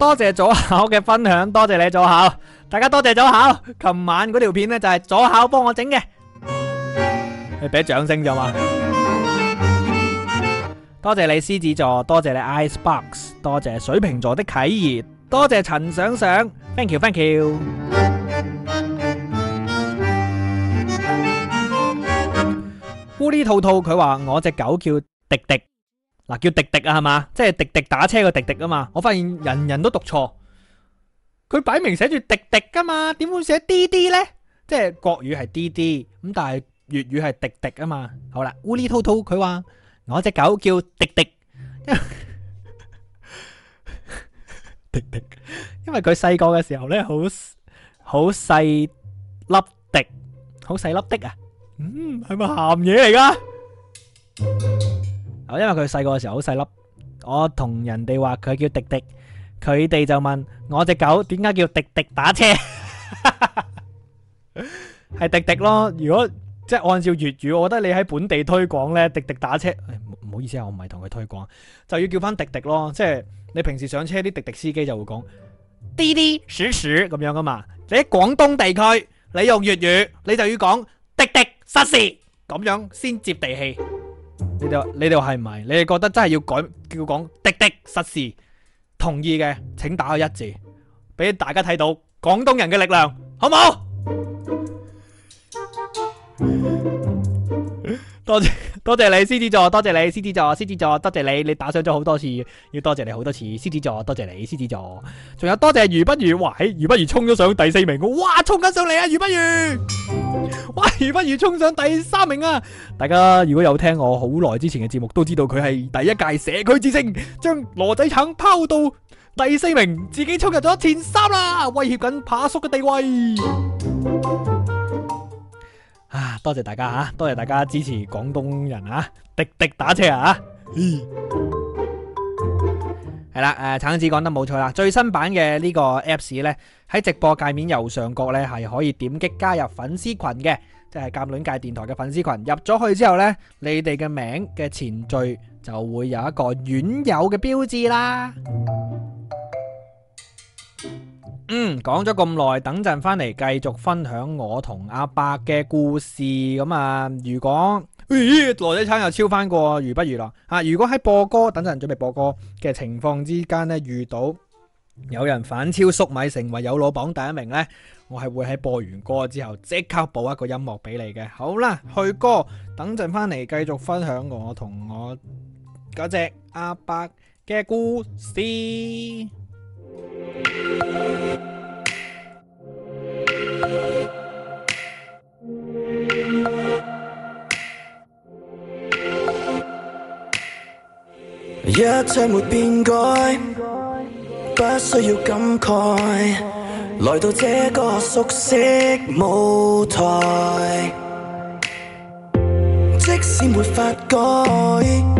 多謝左考嘅分享，多謝你左考。大家多謝左考，琴晚嗰條片呢就係左考幫我整嘅，你俾掌聲咋嘛。多謝你獅子座，多謝你 Icebox，多謝水瓶座的啟業，多謝陳想想，thank you，thank you, thank you. 吐吐。烏哩兔兔佢話我隻狗叫迪迪。嗱，叫滴滴啊，係嘛？即係滴滴打車個滴滴啊嘛！我發現人人都讀錯，佢擺明寫住滴滴噶嘛，點會寫滴滴呢？即係國語係滴滴，咁但係粵語係滴滴啊嘛。好啦，烏哩兔兔佢話我隻狗叫滴滴，滴 [laughs] 滴，因為佢細個嘅時候呢，好好細粒滴，好細粒滴啊。嗯，係咪鹹嘢嚟噶？因為佢細個嘅時候好細粒，我同人哋話佢叫迪迪。佢哋就問我隻狗點解叫滴滴打車，係 [laughs] 滴滴咯。如果即係按照粵語，我覺得你喺本地推廣呢，滴滴打車，唔、哎、唔好意思啊，我唔係同佢推廣，就要叫翻滴滴咯。即係你平時上車啲滴滴司機就會講「滴滴鼠鼠」咁樣噶嘛。你喺廣東地區，你用粵語，你就要講「滴滴失事！」咁樣先接地氣。你哋，你哋係咪？你哋覺得真係要改叫講滴滴實時同意嘅，請打個一字，俾大家睇到廣東人嘅力量，好唔好？ [laughs] 多謝。多謝你獅子座，多謝你獅子座，獅子座，多謝你，你打賞咗好多次，要多謝你好多次，獅子座，多謝你，獅子座，仲有多謝余不如，哇，余不如衝咗上第四名，哇，衝緊上嚟啊，余不如，哇，余不如衝上第三名啊！大家如果有聽我好耐之前嘅節目，都知道佢係第一屆社區之星，將羅仔橙拋到第四名，自己衝入咗前三啦，威脅緊扒叔嘅地位。啊！多謝大家吓，啊，多謝大家支持廣東人啊，滴滴打車啊，係 [laughs] 啦，誒、呃，橙子講得冇錯啦，最新版嘅呢個 Apps 咧喺直播界面右上角咧係可以點擊加入粉絲群嘅，即係甲戀界電台嘅粉絲群。入咗去之後咧，你哋嘅名嘅前綴就會有一個院友嘅標誌啦。嗯，講咗咁耐，等陣翻嚟繼續分享我同阿伯嘅故事。咁啊，如果來仔、哎、餐又超翻過，如不娛樂？啊，如果喺播歌，等陣人準備播歌嘅情況之間呢，遇到有人反超粟米成為有老榜第一名呢，我係會喺播完歌之後即刻播一個音樂俾你嘅。好啦，去歌，等陣翻嚟繼續分享我同我嗰隻阿伯嘅故事。一切沒變改，不需要感慨。來到這個熟悉舞台，即使沒法改。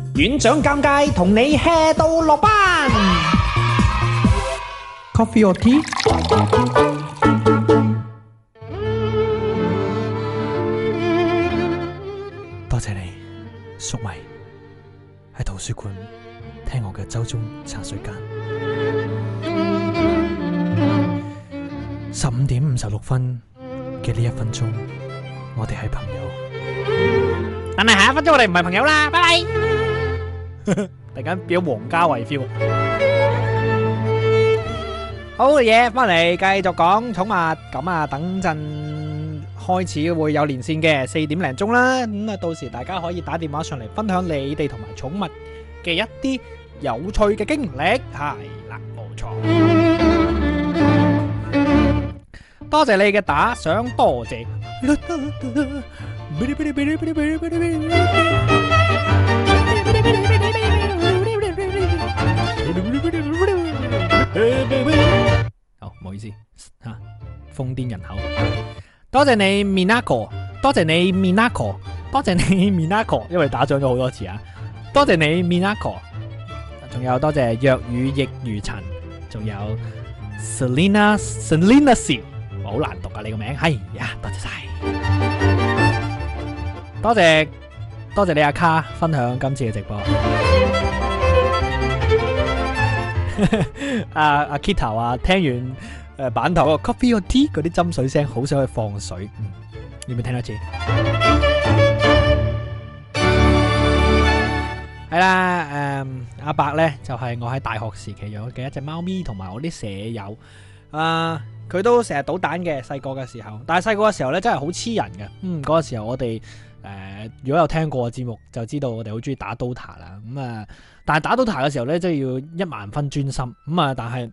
院長尷尬同你 hea 到落班。Coffee or tea？多謝你，淑微。喺圖書館聽我嘅周中茶水間。十五點五十六分嘅呢一分鐘，我哋係朋友。但係下一分鐘我哋唔係朋友啦，拜拜。突然間變咗王家衛 feel，好嘢，翻嚟繼續講寵物。咁啊，等陣開始會有連線嘅，四點零鐘啦。咁啊，到時大家可以打電話上嚟分享你哋同埋寵物嘅一啲有趣嘅經歷。係啦，冇錯。多謝你嘅打賞，多謝。好，唔、哦、好意思吓，瘋癲人口。多謝你 Minako，多謝你 Minako，多謝你 Minako，因為打咗咗好多次啊。多謝你 Minako，仲有多謝若雨亦如塵，仲有 Selena Selena s 好難讀啊，你個名。哎呀、yeah，多謝晒，多謝多謝你阿卡分享今次嘅直播。阿 [laughs] 阿、啊、Kita 話聽完誒版、呃、頭個 coffee 個 T 嗰啲斟水聲，好想去放水。你、嗯、有冇聽多次？係 [music] 啦，誒、嗯、阿伯咧就係、是、我喺大學時期養嘅一隻貓咪和我的蛇，同埋我啲舍友啊，佢都成日搗蛋嘅。細個嘅時候，但係細個嘅時候咧真係好黐人嘅。嗯、嗰、那個時候我哋誒、呃，如果有聽過節目，就知道我哋好中意打 Dota 啦。咁、嗯、啊。呃但係打到題嘅時候呢，真係要一萬分專心咁啊、嗯！但係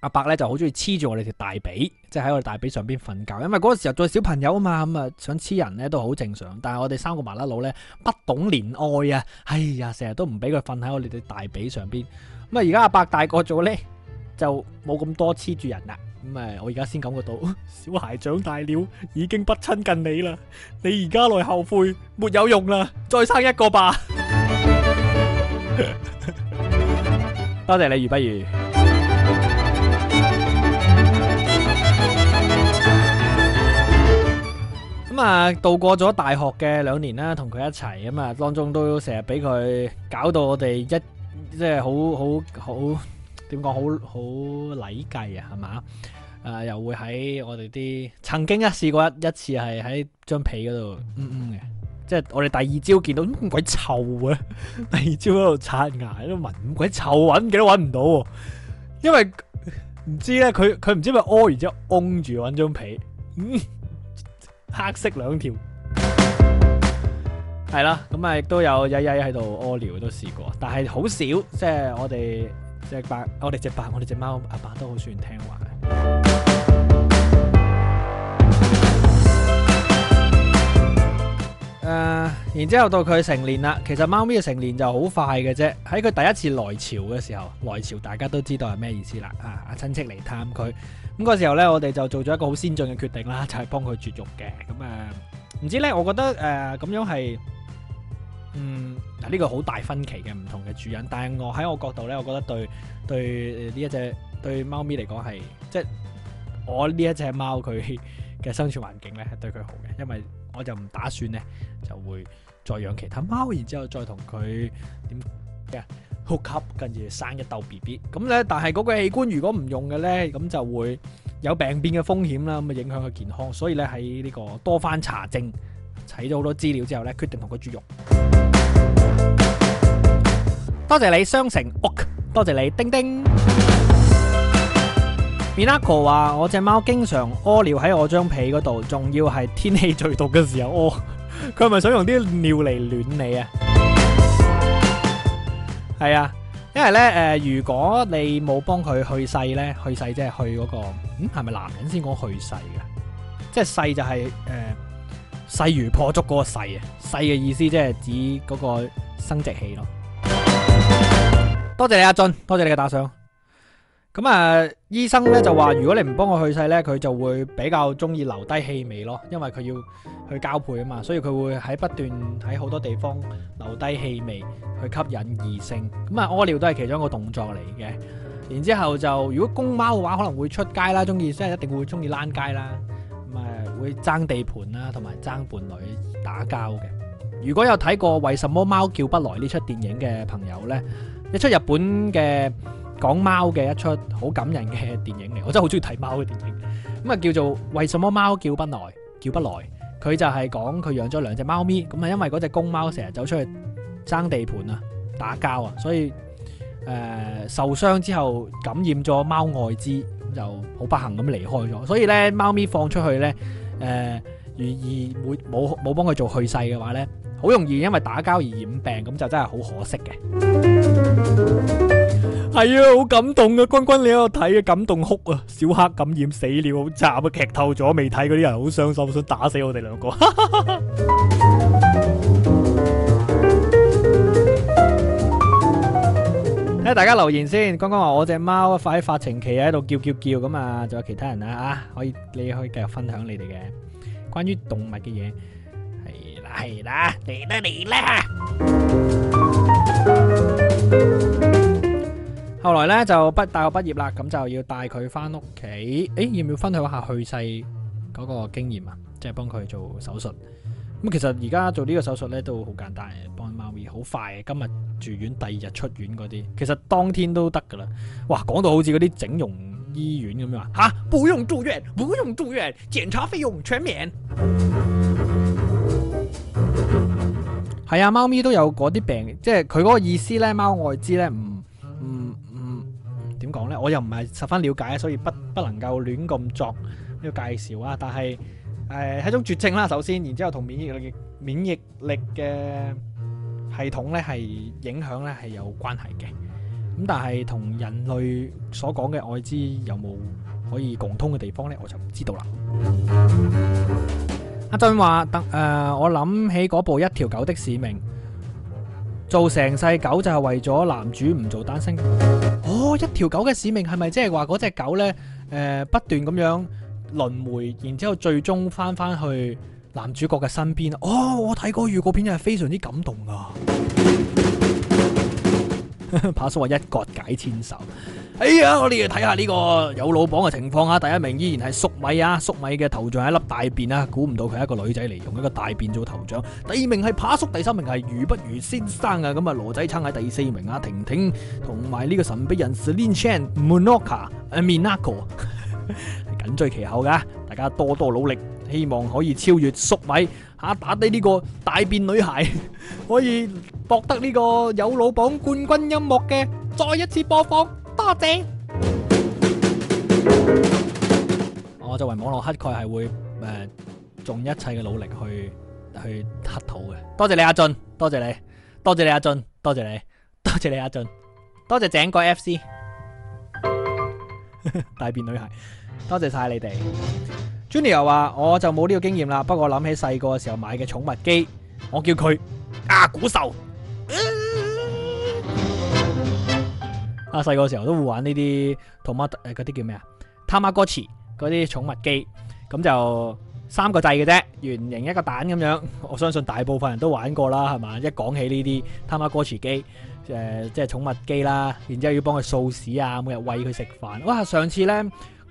阿伯，伯呢就好中意黐住我哋條大髀，即係喺我哋大髀上邊瞓覺，因為嗰個時候做小朋友啊嘛，咁、嗯、啊想黐人呢都好正常。但係我哋三個麻甩佬呢，不懂憐愛啊，哎呀，成日都唔俾佢瞓喺我哋條大髀上邊。咁、嗯、啊，而家阿伯大個咗呢，就冇咁多黐住人啦。咁啊，我而家先感覺到小孩長大了，已經不親近你啦。你而家來後悔沒有用啦，再生一個吧。 [laughs] 多謝你如不如咁啊！度過咗大學嘅兩年啦，同佢一齊咁啊，當中都成日俾佢搞到我哋一即係好好好點講好好禮計啊，係嘛？誒、呃，又會喺我哋啲曾經一試過一次係喺張被嗰度嗯嗯嘅。即係我哋第二朝見到咁鬼臭啊，第二朝喺度刷牙喺度聞咁鬼臭，搵嘅都搵唔到，因為唔知咧，佢佢唔知咪屙完之後㧬住搵張被，黑色兩條，係啦，咁啊亦都有曳曳喺度屙尿都試過，但係好少，即係我哋隻白，我哋隻白，我哋隻貓阿爸都好算聽話。誒，然之後到佢成年啦，其實貓咪嘅成年就好快嘅啫。喺佢第一次來潮嘅時候，來潮大家都知道係咩意思啦。啊，阿親戚嚟探佢，咁嗰時候呢，我哋就做咗一個好先進嘅決定啦，就係幫佢絕育嘅。咁啊，唔知呢，我覺得誒，咁樣係，嗯，嗱，呢個好大分歧嘅唔同嘅主人，但係我喺我角度呢，我覺得對對呢一隻對貓咪嚟講係，即係我呢一隻貓佢嘅生存環境呢係對佢好嘅，因為。我就唔打算呢，就會再養其他貓，然之後再同佢點嘅呼吸，跟住、yeah, 生一竇 B B。咁呢，但係嗰個器官如果唔用嘅呢，咁就會有病變嘅風險啦。咁啊，影響佢健康。所以呢，喺呢個多番查證、睇咗好多資料之後呢，決定同佢絕育。多謝你雙城屋，多謝你丁丁。Bianco 話：我隻貓經常屙尿喺我張被嗰度，仲要係天氣最毒嘅時候屙。佢係咪想用啲尿嚟暖你啊？係 [music] 啊，因為咧，誒、呃，如果你冇幫佢去勢咧，去勢即係去嗰、那個，嗯，係咪男人先講去勢嘅？即係勢就係誒勢如破竹嗰個勢啊！勢嘅意思即係指嗰個生殖器咯。 [music] 多謝你阿俊，多謝你嘅打賞。咁啊，醫生咧就話，如果你唔幫我去勢呢，佢就會比較中意留低氣味咯，因為佢要去交配啊嘛，所以佢會喺不斷喺好多地方留低氣味去吸引異性。咁啊，屙尿都係其中一個動作嚟嘅。然之後就如果公貓嘅話，可能會出街啦，中意即係一定會中意躝街啦，咁啊會爭地盤啦，同埋爭伴侶打交嘅。如果有睇過《為什麼貓叫不來》呢齣電影嘅朋友呢，一齣日本嘅。講貓嘅一出好感人嘅電影嚟，我真係好中意睇貓嘅電影。咁啊叫做為什麼貓叫不來？叫不來？佢就係講佢養咗兩隻貓咪，咁啊因為嗰隻公貓成日走出去爭地盤啊，打交啊，所以誒、呃、受傷之後感染咗貓艾滋，就好不幸咁離開咗。所以咧貓咪放出去咧，誒而而每冇冇幫佢做去世嘅話咧，好容易因為打交而染病，咁就真係好可惜嘅。係啊，好感動啊，君君你喺度睇啊，感動哭啊，小黑感染死了，好慘啊，劇透咗未睇嗰啲人好傷心，想打死我哋兩個。睇下大家留言先，君君話我隻貓啊快喺發情期喺度叫叫叫咁啊，仲有其他人咧啊，可以你可以繼續分享你哋嘅關於動物嘅嘢。係啦係啦，嚟啦嚟啦。後來咧就畢大學畢業啦，咁就要帶佢翻屋企。誒、欸，要唔要分享下去世嗰個經驗啊？即係幫佢做手術。咁、嗯、其實而家做呢個手術咧都好簡單嘅，幫貓咪好快。今日住院第二日出院嗰啲，其實當天都得噶啦。哇，講到好似嗰啲整容醫院咁樣啊？吓，不用住院，不用住院，檢查費用全免。係啊，貓咪都有嗰啲病，即係佢嗰個意思咧，貓外資咧唔。點講呢？我又唔係十分了解，所以不不能夠亂咁作呢個介紹啊！但係誒，係種絕症啦，首先，然之後同免疫力免疫力嘅系統呢係影響呢係有關係嘅。咁但係同人類所講嘅愛滋有冇可以共通嘅地方呢？我就唔知道啦。阿俊話：，得誒，我諗起嗰部《一條狗的使命》。做成世狗就係為咗男主唔做單身。哦，一條狗嘅使命係咪即係話嗰隻狗呢？誒、呃，不斷咁樣輪迴，然之後最終翻翻去男主角嘅身邊哦，我睇過預告片真係非常之感動啊！怕叔話一鍋解千愁。哎呀，我哋要睇下呢個有腦榜嘅情況啊。第一名依然係粟米啊，粟米嘅頭像係一粒大便啊，估唔到佢係一個女仔嚟，用一個大便做頭像。第二名係扒叔，第三名係如不如先生啊，咁啊羅仔撐喺第四名啊，婷婷同埋呢個神秘人士 Lin Chan Manaka Manako 係緊追其後噶、啊，大家多多努力，希望可以超越粟米吓、啊，打低呢個大便女孩，可以博得呢個有腦榜冠軍音樂嘅再一次播放。多謝，我作為網絡乞丐係會誒，盡、呃、一切嘅努力去去乞討嘅。多謝你阿俊，多謝你，多謝你阿俊，多謝你，多謝你阿俊，多謝井蓋 FC 大便女孩，多謝晒你哋。Junior 又話，我就冇呢個經驗啦，不過諗起細個嘅時候買嘅寵物機，我叫佢阿、啊、古獸。嗯啊，細個時候都會玩呢啲他媽誒嗰啲叫咩啊？他媽哥池嗰啲寵物機，咁就三個掣嘅啫，圓形一個蛋咁樣。我相信大部分人都玩過啦，係嘛？一講起呢啲他媽哥池機，誒即係寵物機啦，然之後要幫佢掃屎啊，每日餵佢食飯。哇！上次咧誒、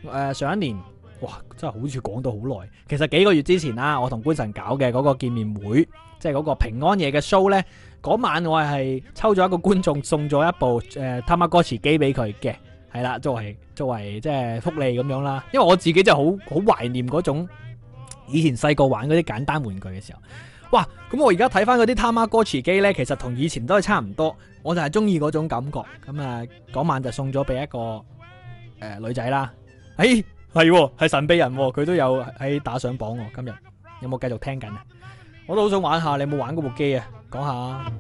呃、上一年，哇真係好似講到好耐。其實幾個月之前啦，我同官神搞嘅嗰個見面會，即係嗰個平安夜嘅 show 咧。嗰晚我係抽咗一個觀眾，送咗一部誒，呃、他媽哥池機俾佢嘅係啦，作為作為即係、呃、福利咁樣啦。因為我自己就好好懷念嗰種以前細個玩嗰啲簡單玩具嘅時候。哇！咁我而家睇翻，嗰啲他媽哥池機呢，其實同以前都係差唔多，我就係中意嗰種感覺。咁啊，嗰晚就送咗俾一個誒、呃、女仔啦。誒、哎，係係、哦、神秘人、哦，佢都有喺、哎、打上榜、哦。今日有冇繼續聽緊啊？我都好想玩一下，你有冇玩嗰部機啊？講下、啊、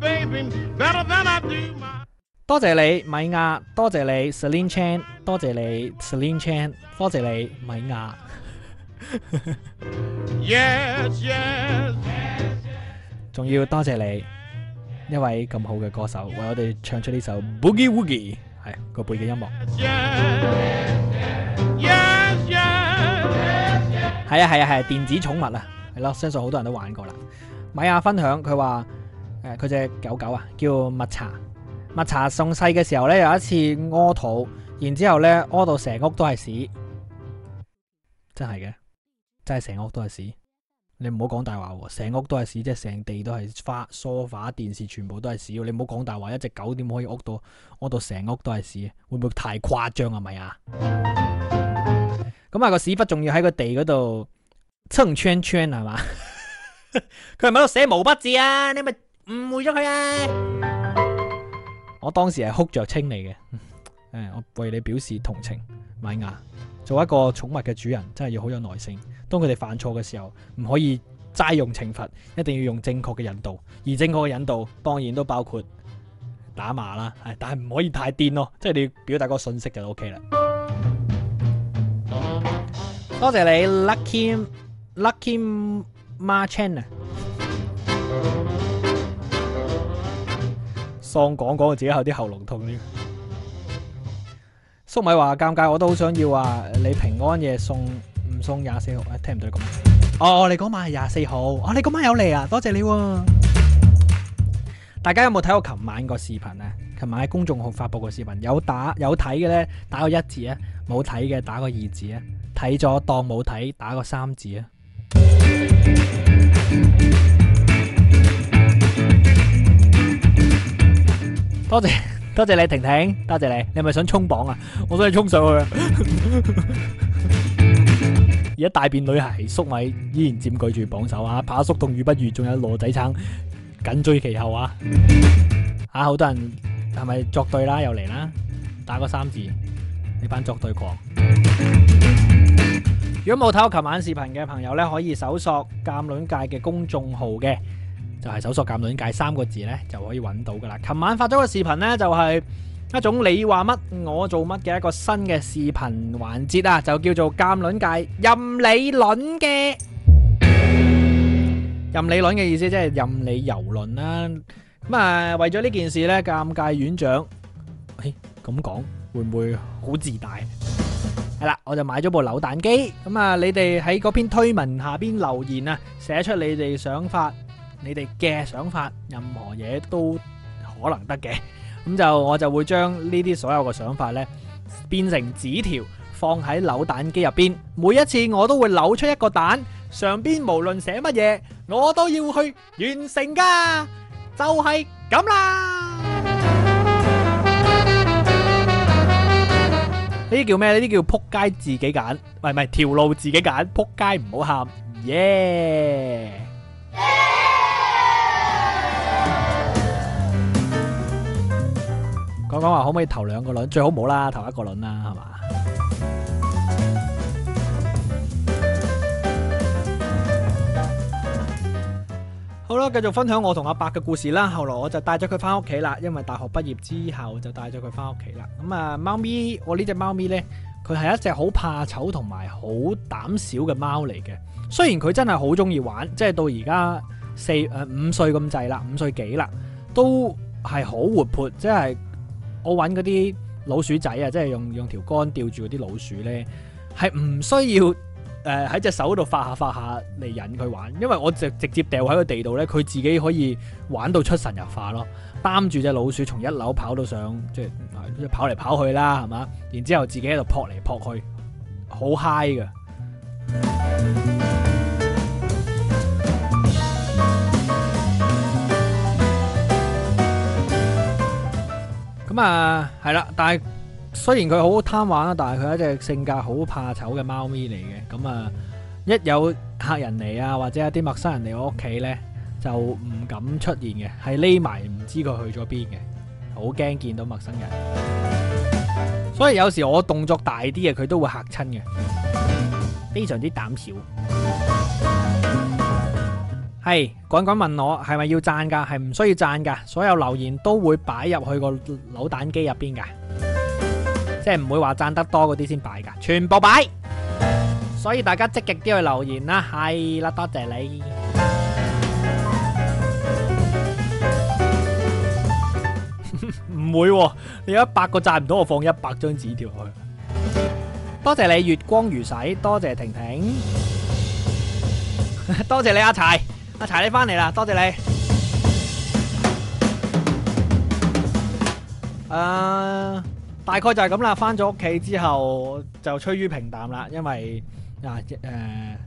多謝你，米亞，多謝你 Seline Chan，多謝你 Seline Chan，多謝你、Mia，米亞。仲要多謝你一位咁好嘅歌手，為我哋唱出呢首 Boogie Woogie，係個背景音樂。y 係啊係啊係，電子寵物啊，係咯，相信好多人都玩過啦。米亞分享佢話。誒，佢隻狗狗啊，叫麥茶。麥茶送細嘅時候咧，有一次屙肚，然之後咧屙到成屋都係屎，真係嘅，真係成屋都係屎。你唔好講大話喎，成屋都係屎，即係成地都係花、梳化、f a 電視全部都係屎。你唔好講大話，一隻狗點可以屙到屙到成屋都係屎？會唔會太誇張啊？係咪啊？咁 [noise] 啊樂，嗰個屎忽仲要喺個地嗰度蹭圈圈係嘛？佢係咪喺度寫毛筆字啊？你咪～誤會咗佢啊！我當時係哭着稱你嘅，誒， [laughs] 我為你表示同情，米牙、啊，做一個寵物嘅主人真係要好有耐性。當佢哋犯錯嘅時候，唔可以齋用懲罰，一定要用正確嘅引導。而正確嘅引導，當然都包括打罵啦，係，但係唔可以太癲咯，即係你要表達個信息就 O K 啦。多謝你，Lucky Lucky Marchen 啊！當講講我自己有啲喉嚨痛添。粟米話尷尬，我都好想要啊！你平安夜送唔送廿四號啊？聽唔到咁。哦，你嗰晚係廿四號哦，你嗰晚有嚟啊！多謝你、哦。大家有冇睇過琴晚個視頻咧？琴晚喺公眾號發布個視頻，有打有睇嘅咧，打個一字啊；冇睇嘅打個二字啊；睇咗當冇睇打個三字啊。多謝多謝你婷婷，多謝你，你係咪想衝榜啊？我想你衝上去。而家大便女孩粟米依然佔據住榜首啊！怕得速凍魚不如，仲有羅仔橙緊追其後啊！啊，好多人係咪作對啦？又嚟啦！打個三字，你班作對狂。 [laughs] 如果冇睇我琴晚視頻嘅朋友咧，可以搜索鑑卵界嘅公眾號嘅。就係、是，搜索“鑑論界”三個字呢，就可以揾到噶啦。琴晚發咗個視頻呢，就係一種你話乜我做乜嘅一個新嘅視頻環節啊，就叫做鑑論“鑑論界”，任理論嘅，任理論嘅意思即係任你游論啦，啊。咁啊，為咗呢件事呢，尷尬院長，哎，咁講會唔會好自大？係啦，我就買咗部扭蛋機。咁啊，你哋喺嗰篇推文下邊留言啊，寫出你哋想法。你哋嘅想法，任何嘢都可能得嘅。咁就我就會將呢啲所有嘅想法呢，變成紙條放喺扭蛋機入邊。每一次我都會扭出一個蛋，上邊無論寫乜嘢，我都要去完成噶。就係咁啦。呢啲叫咩？呢啲叫扑街自己揀，唔係唔係條路自己揀。扑街唔好喊，耶！講講話可唔可以投兩個輪？最好冇啦，投一個輪啦，係嘛？好啦，繼續分享我同阿伯嘅故事啦。後來我就帶咗佢翻屋企啦，因為大學畢業之後就帶咗佢翻屋企啦。咁啊，貓咪，我呢隻貓咪呢？佢係一隻好怕醜同埋好膽小嘅貓嚟嘅。雖然佢真係好中意玩，即係到而家四誒五歲咁制咁滯啦，五歲幾啦，都係好活潑，即係。我揾嗰啲老鼠仔啊，即係用用條杆吊住嗰啲老鼠咧，係唔需要誒喺隻手度發下發下嚟引佢玩，因為我直直接掉喺個地度咧，佢自己可以玩到出神入化咯，擔住隻老鼠從一樓跑到上，即係跑嚟跑去啦，係嘛，然之後自己喺度撲嚟撲去，好嗨 i 噶。咁、嗯、啊，係、嗯、啦，但係雖然佢好貪玩啊，但係佢係一隻性格好怕醜嘅貓咪嚟嘅。咁啊，一有客人嚟啊，或者一啲陌生人嚟我屋企呢，就唔敢出現嘅，係匿埋唔知佢去咗邊嘅，好驚見到陌生人。所以有時候我動作大啲嘅，佢都會嚇親嘅，非常之膽小。係，滾滾問我係咪要讚噶？係唔需要讚噶，所有留言都會擺入去個扭蛋機入邊噶，即係唔會話讚得多嗰啲先擺噶，全部擺。所以大家積極啲去留言啦，係啦，多謝 [laughs] 哦、 [laughs] 多謝你。唔會，你有一百個讚唔到，我放一百張紙條去。多謝你月光如洗，多謝婷婷， [laughs] 多謝你阿柴。啊、查你翻嚟啦，多謝你。誒、uh，大概就係咁啦。翻咗屋企之後，就趨於平淡啦。因為啊，誒、呃，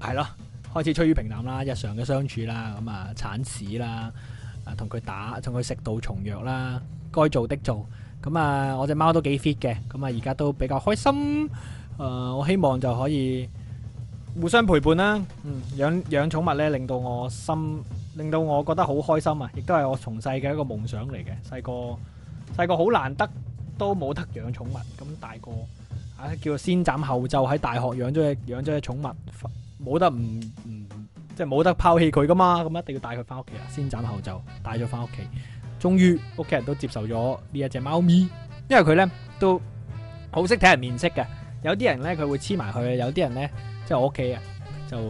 係咯，開始趨於平淡啦。日常嘅相處啦，咁啊，鏟屎啦，啊、呃，同佢打，同佢食杜蟲藥啦，該做的做。咁啊、呃，我隻貓都幾 fit 嘅，咁啊，而家都比較開心。誒、呃，我希望就可以。互相陪伴啦，嗯，養養寵物咧，令到我心，令到我覺得好開心啊！亦都係我從細嘅一個夢想嚟嘅。細個細個好難得都冇得養寵物，咁大個啊，叫做先斬後奏喺大學養了養咗隻養咗隻寵物，冇得唔唔、嗯、即係冇得拋棄佢噶嘛，咁一定要帶佢翻屋企啊！先斬後奏帶咗翻屋企，終於屋企人都接受咗呢一隻貓咪，因為佢咧都好識睇人面色嘅，有啲人咧佢會黐埋佢，有啲人咧。即係我屋企啊，就誒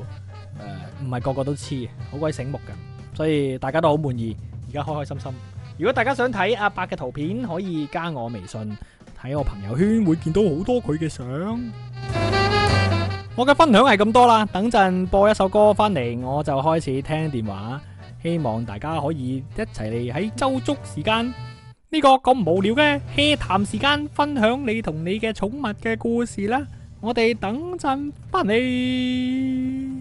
唔係個個都黐嘅，好鬼醒目嘅，所以大家都好滿意，而家開開心心。如果大家想睇阿伯嘅圖片，可以加我微信，睇我朋友圈會見到好多佢嘅相。我嘅分享係咁多啦，等陣播一首歌翻嚟，我就開始聽電話，希望大家可以一齊嚟喺周足時間呢個咁無聊嘅 hea 談時間，分享你同你嘅寵物嘅故事啦。我哋等陣翻嚟。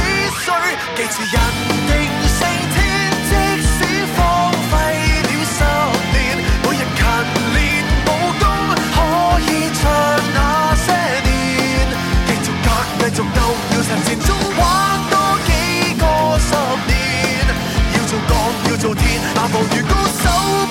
記住人定勝天，即使荒廢了十年，每日勤練武功，可以唱那些年。繼續打，繼續鬥，要實戰中玩多幾個十年。要做鋼，要做鐵，難防如高手。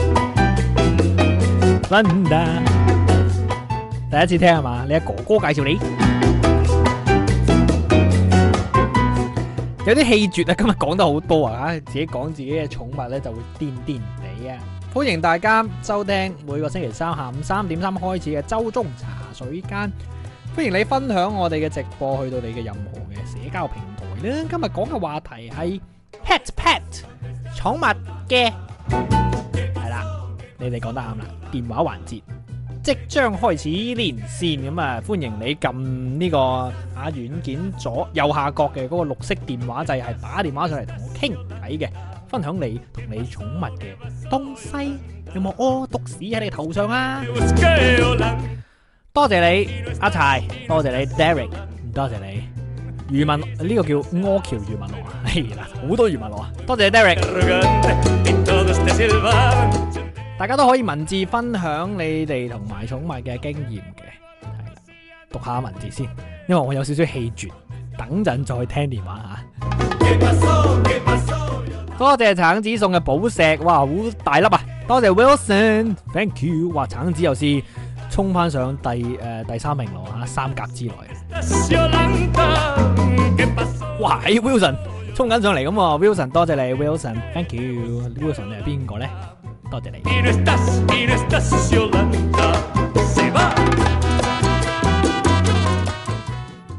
第一次聽係嘛？你阿哥哥介紹你，有啲戲絕啊！今日講得好多啊，自己講自己嘅寵物咧就會癲癲地啊！歡迎大家收聽每個星期三下午三點三開始嘅周中茶水間，歡迎你分享我哋嘅直播去到你嘅任何嘅社交平台呢。今日講嘅話題係 pet pet 寵物嘅。你哋講得啱啦，電話環節即將開始連線，咁啊歡迎你撳呢個啊軟件左右下角嘅嗰個綠色電話就係打電話上嚟同我傾偈嘅，分享你同你寵物嘅東西，有冇屙毒屎喺你頭上啊？多謝你阿柴，多謝你 Derek，唔多謝你余文，呢個叫柯橋余文樂啊，係啦，好多余文樂啊，多謝 Derek。大家都可以文字分享你哋同埋寵物嘅經驗嘅，係讀下文字先，因為我有少少氣絕，等陣再聽電話吓。多謝橙子送嘅寶石，哇，好大粒啊！多謝 Wilson，Thank you，哇，橙子又試衝翻上第誒、呃、第三名咯吓，三甲之內。喂、欸、Wilson 衝緊上嚟咁，啊、Wilson 多謝你，Wilson，Thank you，Wilson 你係邊個咧？多謝你。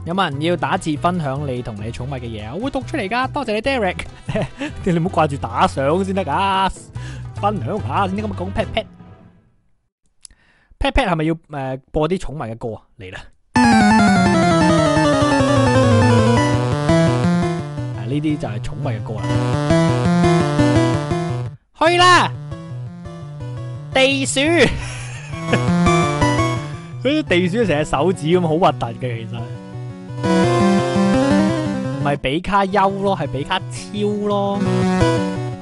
有冇人要打字分享你同你寵物嘅嘢啊？我會讀出嚟噶。多謝你，Derek。 [laughs] 你唔好掛住打賞先得噶分享下先啲咁嘅講 pet pet pet pet 係咪要誒、呃、播啲寵物嘅歌嚟、 [music] 啊、啦？呢啲就係寵物嘅歌啦，去啦！地鼠，嗰啲地鼠成隻手指咁，好核突嘅其實，唔係比卡丘咯，係比卡超咯。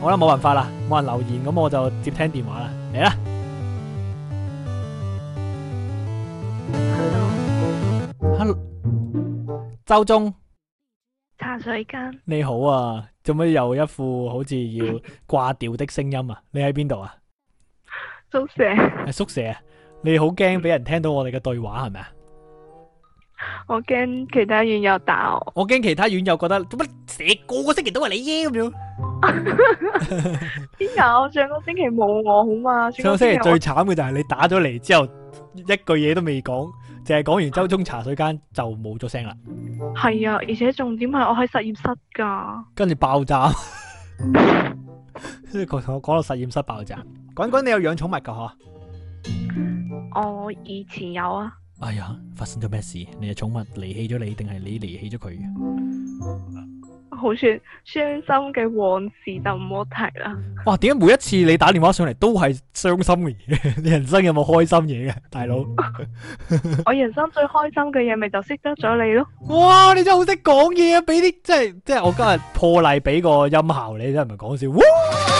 好啦，冇辦法啦，冇人留言，咁我就接聽電話啦。嚟啦，hello，hello，周中，茶水間，你好啊，做乜又一副好似要掛掉的聲音啊？你喺邊度啊？宿舍、啊，係宿舍，你好驚俾人聽到我哋嘅對話係咪啊？我驚其他院友打我，我驚其他院友覺得做乜成個個星期都係你咁樣？邊有？上個星期冇我好嘛？上個星期最慘嘅就係你打咗嚟之後，一句嘢都未講，淨係講完周中茶水間就冇咗聲啦。係啊，而且重點係我喺實驗室噶，跟住爆炸，跟住我講到實驗室爆炸。滾滾，你有養寵物噶嗬？我以前有啊。哎呀，發生咗咩事？你嘅寵物離棄咗你，定係你離棄咗佢？好似傷心嘅往事就唔好提啦。哇，點解每一次你打電話上嚟，都係傷心嘅嘢？ [laughs] 你人生有冇開心嘢嘅，大佬？ [laughs] 我人生最開心嘅嘢，咪就識得咗你咯。哇，你真係好識講嘢啊！俾啲，即係即係，我今日破例俾個音效你，真係唔係講笑。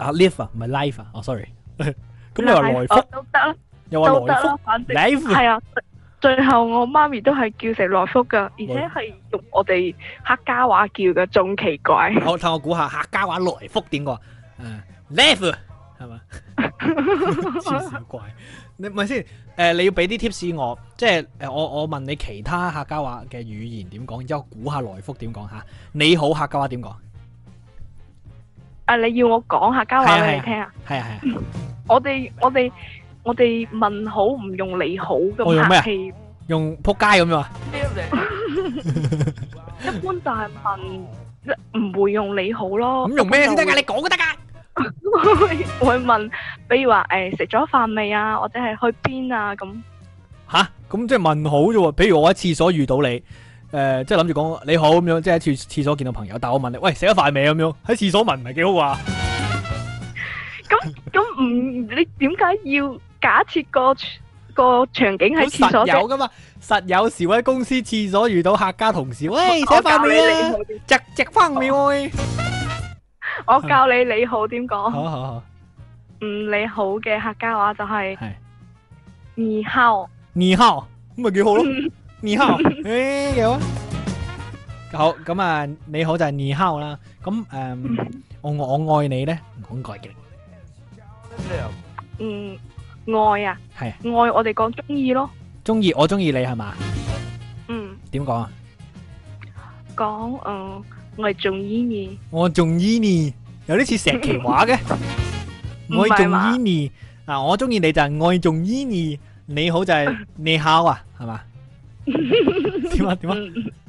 啊，live 啊，唔係 life 啊，哦，sorry，咁 [laughs] 又話來福都得啦，又話來福，反正，係啊，最後我媽咪都係叫成來福噶，而且係用我哋客家話叫噶，仲奇怪。好，我睇我估下客家話來福點講，嗯、uh，live 係咪？癡 [laughs] 線 [laughs] 怪，你唔係先，誒、呃，你要俾啲 tips 我，即係誒，我我問你其他客家話嘅語言點講，然之後估下來福點講吓，你好客家話點講？啊！你要我講客家話俾你聽啊？係啊係，我哋我哋我哋問好唔用你好咁客氣，用仆街咁啊？一般就係問，唔會用你好咯。咁用咩先得噶？你講都得噶。我會問，比如話誒食咗飯未啊？或者係去邊啊？咁吓咁即係問好啫？喎，比如我喺廁所遇到你。誒、呃，即係諗住講你好咁樣，即係喺廁廁所見到朋友，但係我問你，喂，食咗飯未？咁樣喺廁所聞唔係幾好啩、啊？咁咁唔，你點解要假設個個場景喺廁所？有噶嘛？實有時喺公司廁所遇到客家同事，喂，食飯未！直直翻咪會？我教你你好點講、啊嗯？好好好。嗯，你好嘅客家話就係二孝，二孝，咁咪幾好咯？你好，誒、 [laughs] 欸，好，好咁啊！你好就係你好啦，咁誒，嗯、 [laughs] 我我愛你咧，唔講怪嘅，嗯，愛啊，係、啊、愛我哋講、嗯啊嗯、中意咯，中意我中意你係嘛？嗯，點講啊？講誒，愛中伊尼，愛中伊尼，有啲似石岐話嘅，我中伊你，啊！我、就是、我中意你就係愛中伊尼，你好就係你好啊，係 [laughs] 嘛？點 [laughs] 啊點啊！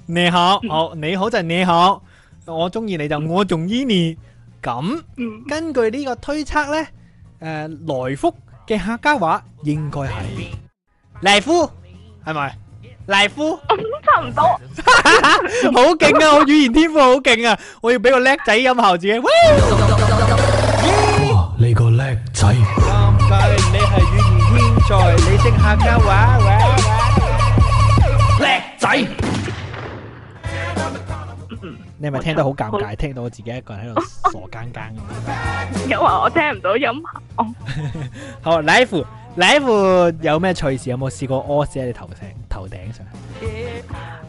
你好，好、哦、你好就你好，我中、嗯、意你就我仲依你。咁、嗯、根據呢個推測咧，誒、呃，來福嘅客家話應該係來夫，係咪？來夫，差唔多，好勁啊！ [laughs] 我語言天賦好勁啊！我要俾個叻仔音效自己。喂 yeah! 哇！你個叻仔，唔該，你係語言天才，你識客家話。喂仔、嗯嗯，你係咪聽得好尷尬？聽到我自己一個人喺度傻更更。有啊，我聽唔到音效。啊啊啊啊啊、 [laughs] 好，Life，Life 有咩趣事？有冇試過屙屎喺你頭上、頭頂上？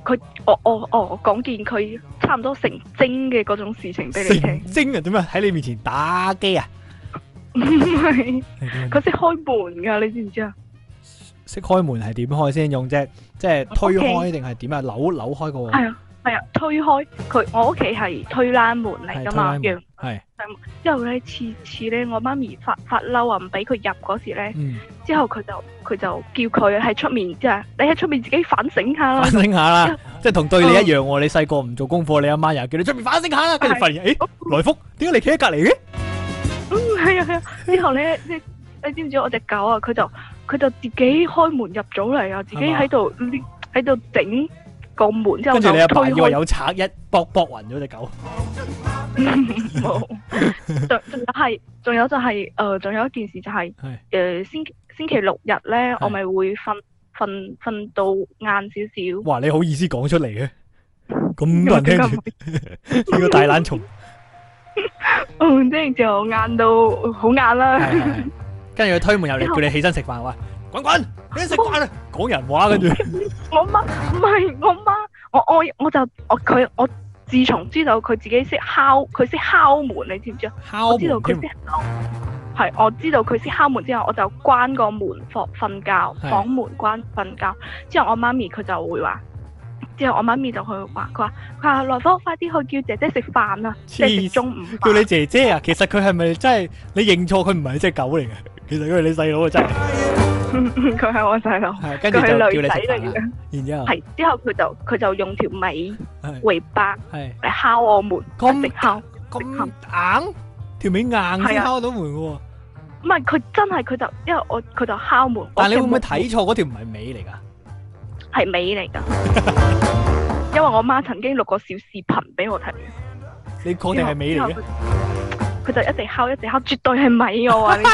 佢，我哦，哦我講件佢差唔多成精嘅嗰種事情俾你聽。精啊？點樣啊？喺你面前打機啊？唔、嗯、係，佢識開門噶，你知唔知啊？即開門係點開先用啫，即係推開定係點啊？扭扭開個係啊係啊，推開佢。我屋企係推拉門嚟噶嘛，係、嗯、之後咧次次咧，我媽咪發發嬲啊，唔俾佢入嗰時咧，之後佢就佢就叫佢喺出面，即係你喺出面自己反省下咯。反省下啦、啊，即係同對你一樣喎、嗯。你細個唔做功課，你阿媽又叫你出面反省下啦。跟住發現，誒、欸，來福，點解你企喺隔籬嘅？嗯，係啊係啊。之後咧，你你知唔知我隻狗啊？佢就。佢就自己開門入咗嚟啊！自己喺度喺度整個門，之後就推開，爸爸有賊一搏搏暈咗隻狗。仲 [laughs] 仲有仲有就係、是，誒、就是，仲、呃、有一件事就係、是，誒，星、呃、星期六日咧，我咪會瞓瞓瞓到晏少少。哇！你好意思講出嚟嘅，咁多人聽住呢 [laughs] [laughs] 個大懶蟲。嗯， [laughs] [laughs] 即係就晏到好晏啦。跟住佢推門入嚟，叫你起身食飯，話：滾滾，起身食飯啦！講、哦、人話，跟住我媽唔係我媽，我媽唔係我我，愛我就我佢，我自從知道佢自己識敲，佢識敲門，你知唔知啊？敲門係，我知道佢識敲，敲門之後，我就關個門房瞓覺，房門關瞓覺。之後我媽咪佢就會話，之後我媽咪就會說說去話，佢話佢話來方快啲去叫姐姐食飯啦，即係食中午。叫你姐姐啊？其實佢係咪真係你認錯？佢唔係隻狗嚟嘅。其實佢係你細佬啊，真係。佢係我細佬，佢係女仔嚟嘅。然之後係之後佢就佢就用條尾尾巴嚟敲我門，直敲，直敲硬，條尾硬先敲到門嘅喎。唔係佢真係佢就，因為我佢就敲門。但你會唔會睇錯嗰條唔係尾嚟噶？係尾嚟噶，因為我媽曾經錄過小視頻俾我睇。你確定係尾嚟嘅？佢就一直敲，一直敲，絕對係咪我話你。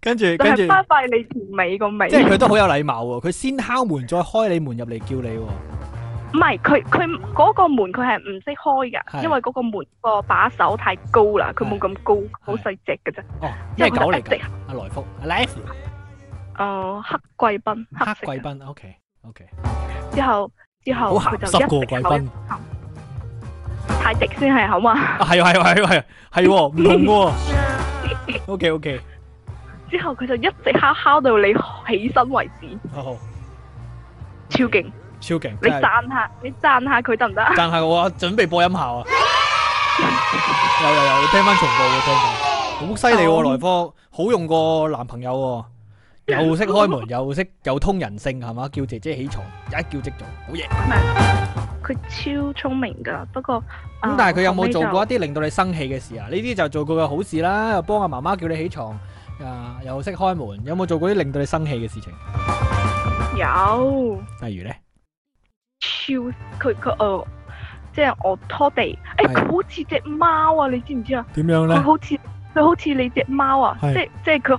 跟住，跟住，翻翻你條尾個味。即係佢都好有禮貌喎，佢先敲門再開你門入嚟叫你。唔係，佢佢嗰個門佢係唔識開噶，因為嗰個門個把手太高啦，佢冇咁高，好細隻噶啫。哦，即係狗嚟噶。阿來福，阿 Life。哦，黑貴賓，黑貴賓，OK，OK。之後之後佢就十個貴賓。太直先係好嘛？係係係係係唔同嘅。O K O K，之後佢就一直敲敲到你起身為止。好、oh.，超勁，超勁，你讚下你讚下佢得唔得？讚下我準備播音效啊！ [laughs] [laughs] 有有有，你聽翻重播嘅聽，好犀利、哦，萊、oh. 科好用過男朋友、哦。又識開門，又識又通人性，係嘛？叫姐姐起床，一叫即做，好型。佢超聰明噶。不過咁、嗯啊，但係佢有冇做過一啲令到你生氣嘅事啊？呢啲就做過嘅好事啦。又幫阿媽媽叫你起床，啊，又識開門。有冇做過啲令到你生氣嘅事情？有。例如咧？超佢佢誒，即係我拖地。誒、欸，佢好似隻貓啊！你知唔知啊？點樣咧？佢好似佢好似你隻貓啊！即即係佢。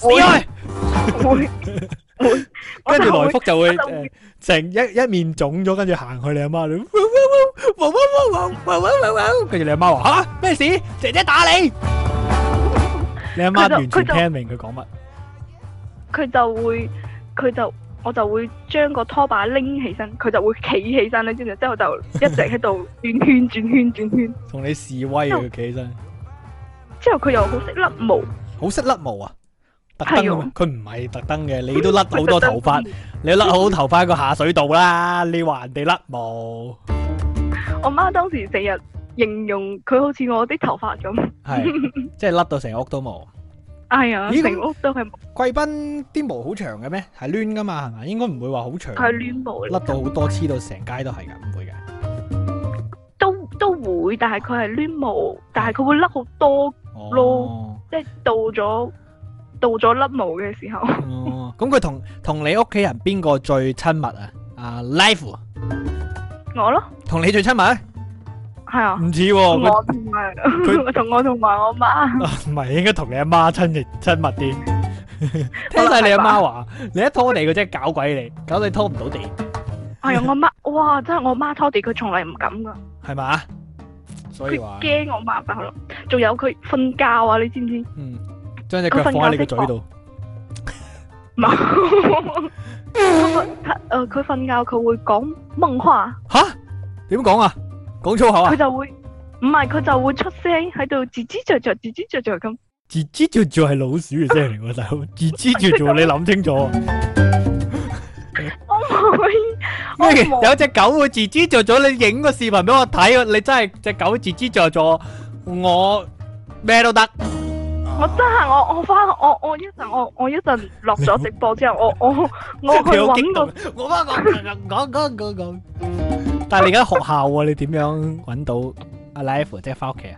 會，會，跟住來福就會成一一面腫咗，跟住行去你阿媽度，汪汪汪汪汪汪汪汪汪汪，跟住你阿媽話：吓咩事？姐姐打你！你阿媽完全聽唔明佢講乜，佢就會，佢就我就會將個拖把拎起身，佢就會企起身咧，知唔知？之後就一直喺度轉圈轉圈轉圈，同你示威啊！佢企起身，之後佢又好識甩毛，好識甩毛啊！係啊，佢唔係特登嘅，你都甩好多頭髮， [laughs] 你甩好頭髮個下水道啦，你話人哋甩毛。我媽當時成日形容佢好似我啲頭髮咁，係，即係甩到成屋都毛。哎呀，成、這個、屋都係。貴賓啲毛好長嘅咩？係攣噶嘛，係咪？應該唔會話好長。佢係攣毛，甩到好多黐到成街都係噶，唔會嘅。都都會，但係佢係攣毛，但係佢會甩好多咯，哦，即係到咗。到咗甩毛嘅時候。哦，咁佢同同你屋企人邊個最親密啊？啊，Life，我咯。同你最親密？係啊。唔似喎。我唔係。佢同我同埋我媽。唔係，應該同你阿媽親密親密啲。聽晒你阿媽話，你一拖地佢真係搞鬼你，搞你拖唔到地。係啊，我媽，哇，真係我媽拖地佢從嚟唔敢噶。係嘛？所以話。佢驚我媽㗎咯。仲有佢瞓覺啊，你知唔知？嗯。將隻腳放喺你嘴度。冇。佢，誒，佢瞓覺佢會講夢話。吓？點講啊？講粗口啊？佢就會，唔係佢就會出聲喺度吱吱喳喳、吱吱喳喳咁。吱吱喳喳係老鼠嘅聲嚟噶，大佬。吱吱喳喳，你諗清楚。我唔會。咩？有隻狗會吱吱喳喳，你影個視頻俾我睇，你真係隻狗吱吱喳喳，我咩都得。我真係我我翻我我一陣我我一陣落咗直播之後我我我去搵到，我翻講講講講講，但係你而家學校 [laughs] 家、哦、啊，你點樣搵到阿 Life 即係翻屋企啊？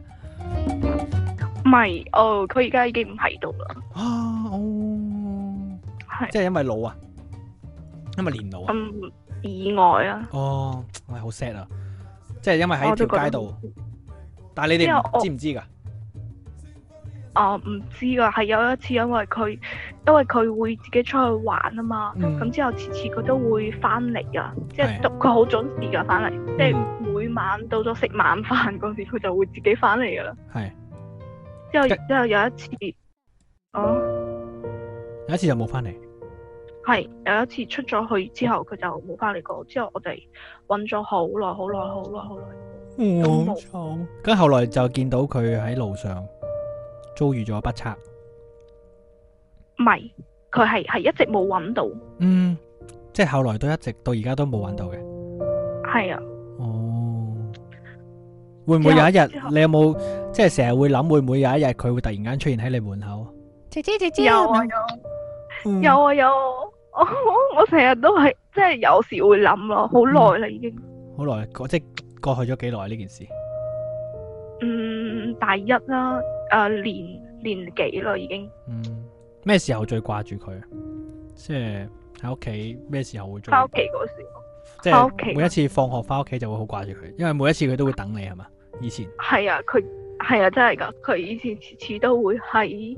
唔係哦，佢而家已經唔喺度啦。啊哦，即係因為老啊，因為年老啊。嗯，意外啊。哦，係好 sad 啊，即係因為喺條街度，但係你哋知唔知噶？哦，唔知噶，係有一次因為佢，因為佢，因為佢會自己出去玩啊嘛，咁、嗯、之後次次佢都會翻嚟啊，即係佢好準時噶翻嚟，即係每晚到咗食晚飯嗰時候，佢就會自己翻嚟噶啦。係，之後之後有一次，嗯、哦，有一次就冇翻嚟，係，有一次出咗去之後，佢就冇翻嚟過，之後我哋搵咗好耐，好耐，好耐，好耐都冇。咁後來就見到佢喺路上。遭遇咗不測，唔係，佢係係一直冇揾到，嗯，即係後來都一直到而家都冇揾到嘅，係啊，哦，會唔會有一日你有冇，即係成日會諗會唔會有一日佢會突然間出現喺你門口？姐姐姐姐有啊有，啊、嗯、有，有，有，有，我我成日都係即係有時會諗咯，好耐啦已經，嗯，好耐即係過去咗幾耐呢件事？嗯，大一啦、啊。誒、啊，年年幾咯，已經。嗯。咩時候最掛住佢？即係喺屋企咩時候會最？翻屋企時。即、就、係、是、每一次放學翻屋企就會好掛住佢，因為每一次佢都會等你係嘛、啊？以前。係啊，佢係啊，真係噶，佢以前次次都會喺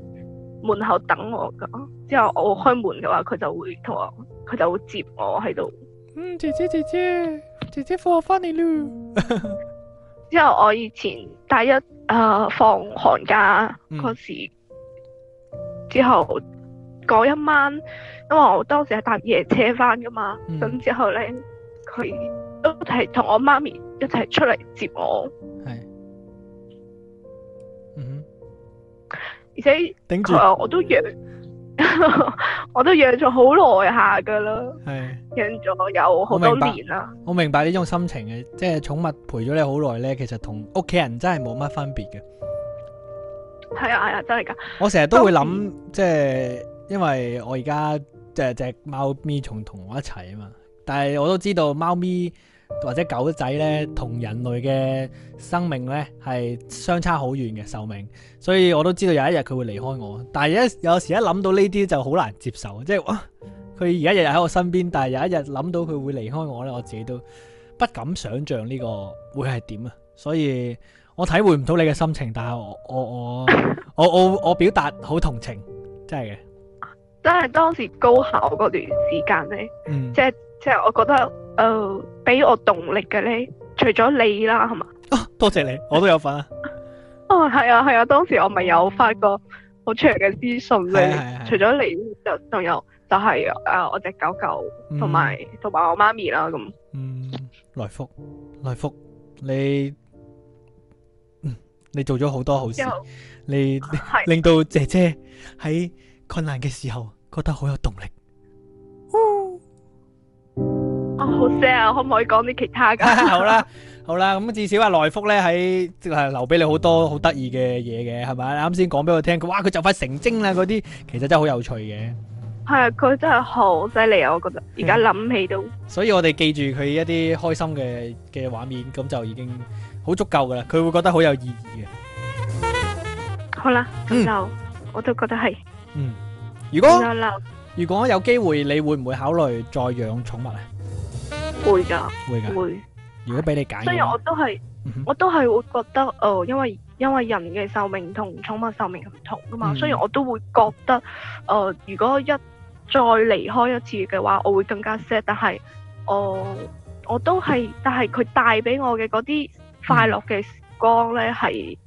門口等我噶。之後我開門嘅話，佢就會同我，佢就會接我喺度。嗯，姐，姐姐姐姐，姐姐放學翻嚟啦。 [laughs] 之後我以前大一。啊、uh！放寒假嗰時、嗯、之後嗰一晚，因為我當時係搭夜車翻噶嘛，咁、嗯、之後咧佢都係同我媽咪一齊出嚟接我。係，嗯，而且佢我都約。 [laughs] 我都養咗好耐下噶啦，係養咗有好多年啦。我明白呢種心情嘅，即係寵物陪咗你好耐咧，其實同屋企人真係冇乜分別嘅。係啊，係啊，真係噶！我成日都會諗， [laughs] 即係因為我而家隻隻貓咪仲同我一齊啊嘛，但係我都知道貓咪。或者狗仔咧，同人類嘅生命咧係相差好遠嘅壽命，所以我都知道有一日佢會離開我。但係有有時一諗到呢啲就好難接受，即係哇，佢而家日日喺我身邊，但係有一日諗到佢會離開我咧，我自己都不敢想象呢個會係點啊！所以我體會唔到你嘅心情，但係我我我 [laughs] 我我我表達好同情，真係嘅。真係當時高考嗰段時間咧、嗯，即係即係我覺得。誒、哦，俾我動力嘅咧，除咗你啦，係嘛？哦，多謝，謝你，我都有份啊！ [laughs] 哦，係啊，係啊，當時我咪有發過好長嘅資訊你，除咗你，就仲有就係誒，我隻狗狗同埋同埋我媽咪啦咁。嗯，來福，來福，你嗯，你做咗好多好事，你，你令到姐姐喺困難嘅時候覺得好有動力。 [laughs] 哦，好 sad 啊，可唔可以講啲其他噶？好啦，好啦，咁至少阿內福咧喺即係留俾你好多好得意嘅嘢嘅，係咪？啱先講俾我聽，佢哇，佢就快成精啦！嗰啲其實真係好有趣嘅。係啊，佢真係好犀利啊！我覺得而家諗起都……所以我哋記住佢一啲開心嘅嘅畫面，咁就已經好足夠噶啦。佢會覺得好有意義嘅。好啦，咁就我都覺得係。嗯，如果如果有機會，你會唔會考慮再養寵物啊？會噶會噶會如果俾你揀，雖然我都係，我都係會覺得，誒，因為因為人嘅壽命同寵物壽命唔同噶嘛。所以我都會覺得，誒，如果一再離開一次嘅話，我會更加 sad。但係，我我都係，但係佢帶俾我嘅嗰啲快樂嘅時光咧，係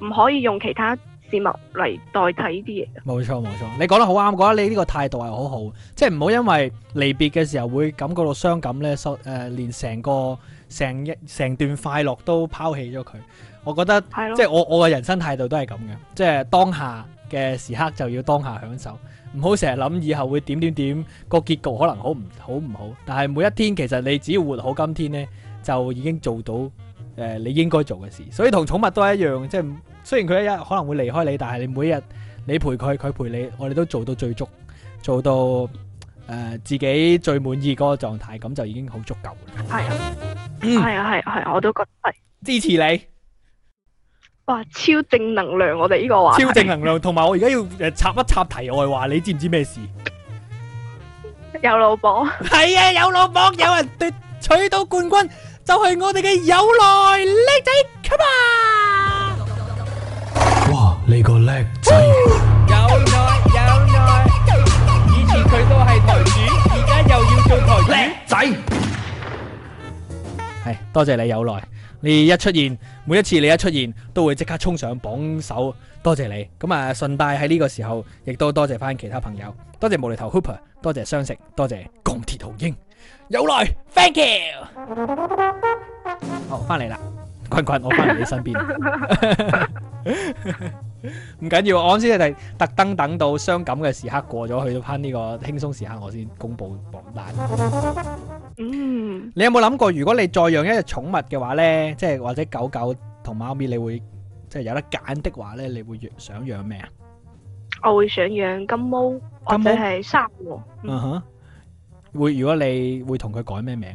唔可以用其他。事物嚟代替啲嘢，冇錯冇錯，你講得好啱，我覺得你呢個態度係好好，即係唔好因為離別嘅時候會感覺到傷感咧，誒、呃、連成個成一成段快樂都拋棄咗佢。我覺得係咯，即係我我嘅人生態度都係咁嘅，即係當下嘅時刻就要當下享受，唔好成日諗以後會點點點，個結局可能好唔好唔好，但係每一天其實你只要活好今天咧，就已經做到誒、呃、你應該做嘅事，所以同寵物都係一樣，即係。雖然佢一日可能會離開你，但係你每一日你陪佢，佢陪你，我哋都做到最足，做到誒、呃、自己最滿意個狀態，咁就已經好足夠。係，係啊，係、嗯、係、啊啊啊，我都覺得支持你。哇，超正能量！我哋呢個話題超正能量，同埋我而家要插一插題外話，你知唔知咩事？有老婆，係啊，有老婆，有人奪取到冠軍，就係、是、我哋嘅有來叻仔，come on！你個叻仔，有耐有耐，以前佢都係台主，而家又要做台主。叻仔，係多謝你有耐，你一出現，每一次你一出現，都會即刻衝上榜首。多謝你，咁啊，順帶喺呢個時候亦都多謝翻其他朋友，多謝無厘頭 Hooper，多謝雙成，多謝鋼鐵雄鷹，有耐，Thank you。哦，翻嚟啦，坤坤，我翻嚟你身邊。唔緊要，我先係特登等到傷感嘅時刻過咗去，到番呢個輕鬆時刻，我先公布榜單。嗯，你有冇諗過，如果你再養一隻寵物嘅話咧，即係或者狗狗同貓咪，你會即係有得揀的話咧，你會想養咩啊？我會想養金毛或者係沙河。嗯哼，會如果你會同佢改咩名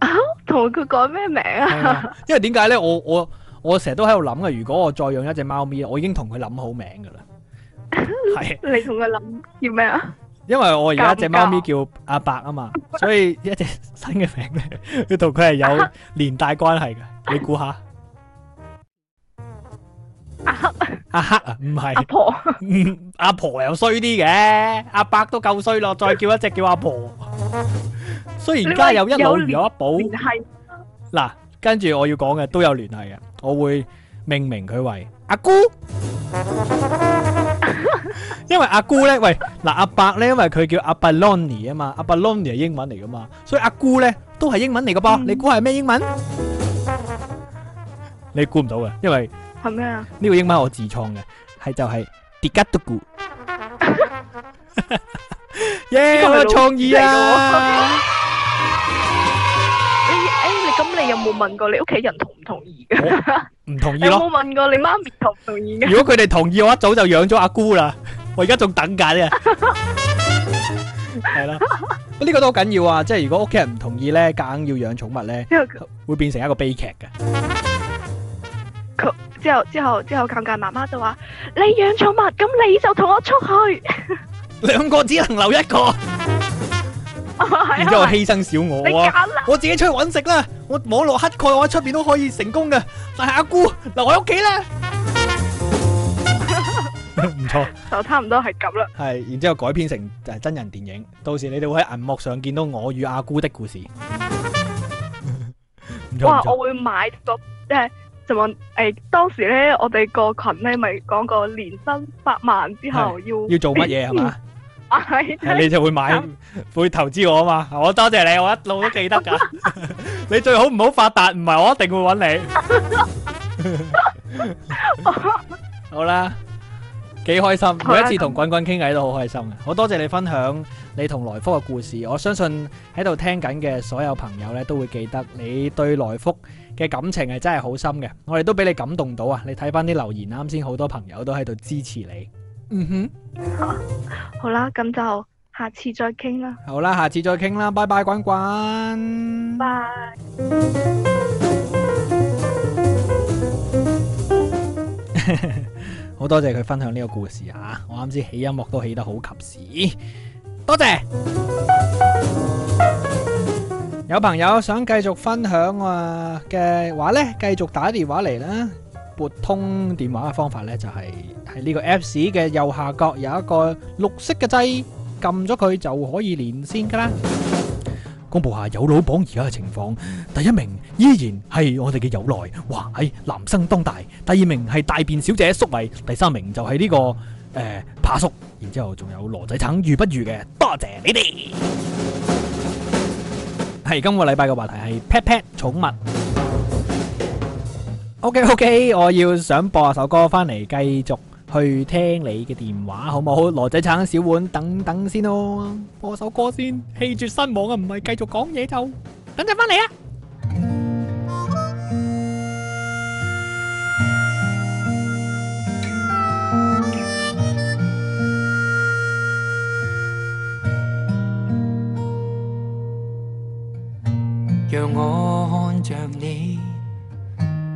啊？同佢改咩名啊？因為點解咧？我我。我成日都喺度諗啊，如果我再養一隻貓咪，我已經同佢諗好名噶啦。係。你同佢諗叫咩啊？因為我而家隻貓咪叫阿伯啊嘛，所以一隻新嘅名咧，要同佢係有連帶關係嘅。你估下？阿黑？阿黑啊？唔 [laughs] 係？阿、啊、婆？阿、 [laughs] 啊、婆又衰啲嘅，阿伯都夠衰咯，再叫一隻叫阿婆。雖然而家有一老如有一寶。嗱跟住我要講嘅都有聯繫嘅，我會命名佢為阿姑，因為阿姑咧，喂，嗱阿伯咧，因為佢叫 Abalone 啊嘛，Abalone 係英文嚟噶嘛，所以阿姑咧都係英文嚟噶噃，你估係咩英文？你估唔到嘅，因為係咩啊？呢個英文我自創嘅，係就係 deget good，耶，我創意啊！咁你有冇問過你屋企人同唔同意噶？唔同意咯。有冇問過你媽咪同唔同意？如果佢哋同意嘅話，我一早就養咗阿姑啦。我而家仲等緊啊。係咯。呢個都好緊要啊！即係如果屋企人唔同意咧，梗要養寵物咧，會變成一個悲劇嘅。佢之後之後之後尷尬，媽媽就話：你養寵物，咁你就同我出去。兩個只能留一個。然之後犧牲小我啊你，我自己出去揾食啦，我網絡乞丐，我喺出邊都可以成功嘅，但係阿姑留喺屋企啦 [laughs] ，唔 [laughs] 錯，就差唔多係咁啦，係，然之後改編成誒真人電影，到時你哋會喺銀幕上見到我與阿姑的故事。 [laughs] [laughs] 哇，我會買個即係就問誒，當時咧我哋個群咧咪講過年薪百萬之後要要做乜嘢係嘛？ [laughs] 係你就會買，會投資我啊嘛！我多謝你，我一路都記得噶。你最好唔好發達，唔係我一定會揾你。好啦，幾開心，每一次同滾滾傾偈都好開心嘅。好多謝你分享你同來福嘅故事，我相信喺度聽緊嘅所有朋友咧都會記得你對來福嘅感情係真係好深嘅。我哋都俾你感動到啊！你睇翻啲留言，啱先好多朋友都喺度支持你。嗯哼，好啦，咁就下次再傾啦。好啦，下次再傾啦，拜拜，滾滾。拜。好多謝佢分享呢個故事啊！我啱先起音樂都起得好及時，多謝。有朋友想繼續分享嘅話呢，繼續打電話嚟啦。撥通電話嘅方法呢，就係喺呢個 Apps 嘅右下角有一個綠色嘅掣，撳咗佢就可以連線噶啦。公布下有老榜而家嘅情況，第一名依然係我哋嘅友來，哇喺男生當大；第二名係大便小姐粟米，第三名就係呢個誒怕叔，然之後仲有羅仔橙遇不如嘅，多謝你哋。係今個禮拜嘅話題係 pet pet 寵物。O K O K，我要想播一首歌翻嚟繼續去聽你嘅電話好冇？羅仔撐小碗等等先咯，播首歌先，氣絕身亡啊！唔係繼續講嘢就，等陣翻嚟啊！讓我看着你。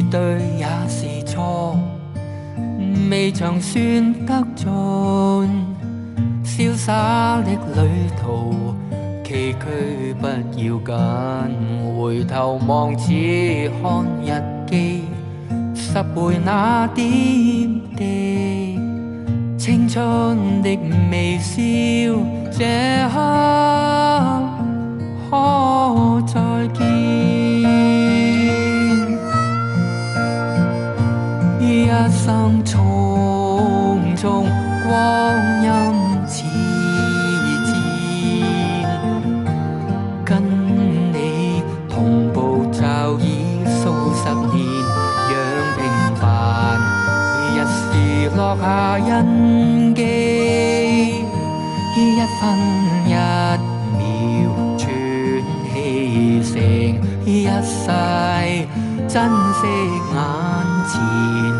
絕對也是錯，未曾算得盡。瀟灑的旅途，崎嶇不要緊。回頭望，只看日記，拾回那點的青春的微笑，這刻可再見。生匆匆，光陰似箭，跟你同步早已數十年，讓平凡一時落下印記，一分一秒串起成一世，珍惜眼前。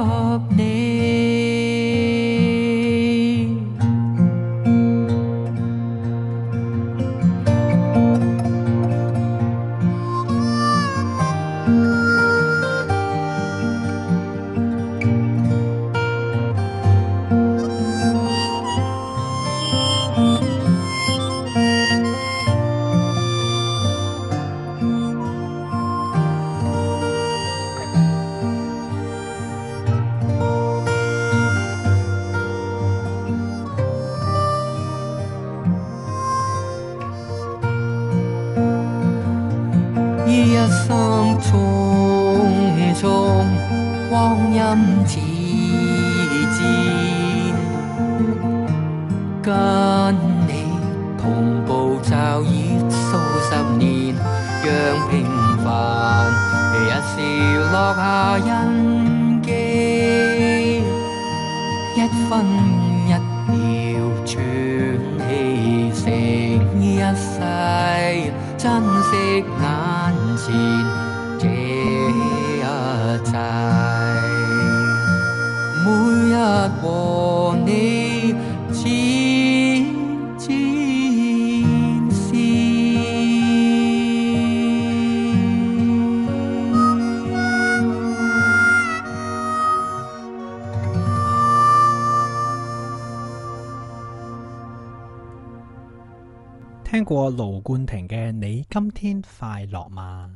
盧冠廷嘅《你今天快樂嗎》？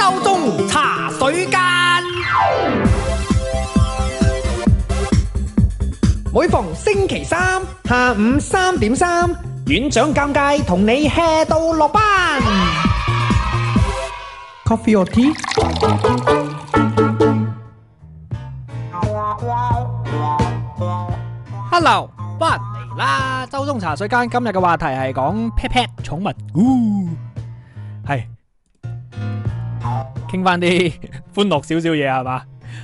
周中茶水間，每逢星期三下午三點三，院長尷尬同你 hea 到落班。Coffee or tea？Hello。啦，周中茶水間今日嘅話題係講 Pet Pet 寵物，係傾翻啲歡樂少少嘢係嘛？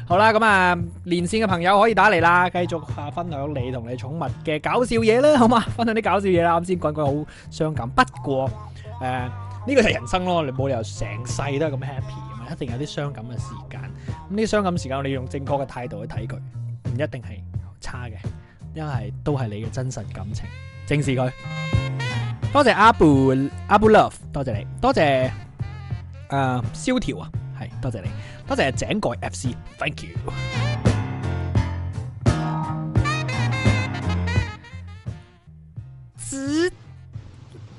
好啦，咁啊連線嘅朋友可以打嚟啦，繼續下分享你同你寵物嘅搞笑嘢啦，好嘛？分享啲搞笑嘢啦，啱先講講好傷感，不過誒呢個係人生咯，你冇理由成世都係咁 happy，一定有啲傷感嘅時間。咁呢啲傷感時間，我哋用正確嘅態度去睇佢，唔一定係差嘅。因為都係你嘅真實感情，正視佢。多謝阿布阿布 love，多謝你，多謝誒蕭條啊，係、呃、多謝你，多謝井蓋 FC，thank you。子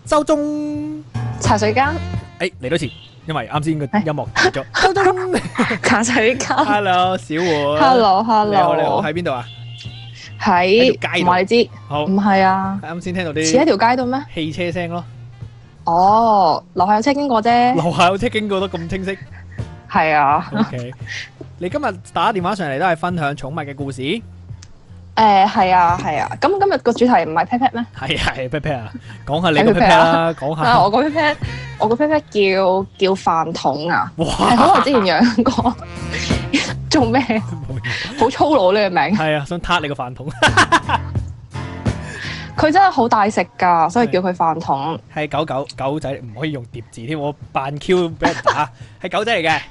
周中茶水間，誒嚟多次，因為啱先嘅音樂停咗。周中茶水間，hello 小會，hello hello，你好你好喺邊度啊？喺唔係你知？好，唔係啊！啱先聽到啲似一條街度咩？汽車聲咯。哦、oh,，樓下有車經過啫。樓下有車經過都咁清晰。係 [laughs] 啊。O、okay. K，你今日打電話上嚟都係分享寵物嘅故事。誒、呃，係啊，係啊。咁今日個主題唔係 pet p e 咩？係係 pet pet 啊！講下你個 pet p e 啦，講下。啊，我個 pet p e 我個 pet p e 叫叫飯桶啊。哇！好耐之前養過。 [laughs] 做咩？ [laughs] 好很粗魯呢個名係啊！想撻你個飯桶。佢真係好大食噶，所以叫佢飯桶。係狗狗狗仔唔可以用疊字添，我扮 Q 俾人打。係 [laughs] 狗仔嚟嘅，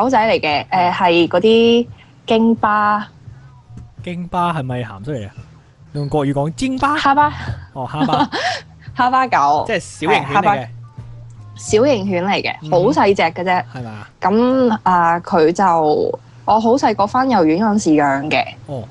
狗仔嚟嘅。誒、呃，係嗰啲京巴。京巴係咪咸出嚟啊？用國語講，京巴哈巴。哦，哈巴哈 [laughs] 巴狗，即係小型犬哈巴，小型犬嚟嘅，好細隻嘅啫。係嘛？咁啊，佢、呃、就。我好細個翻幼兒園嗰陣時養嘅。哦。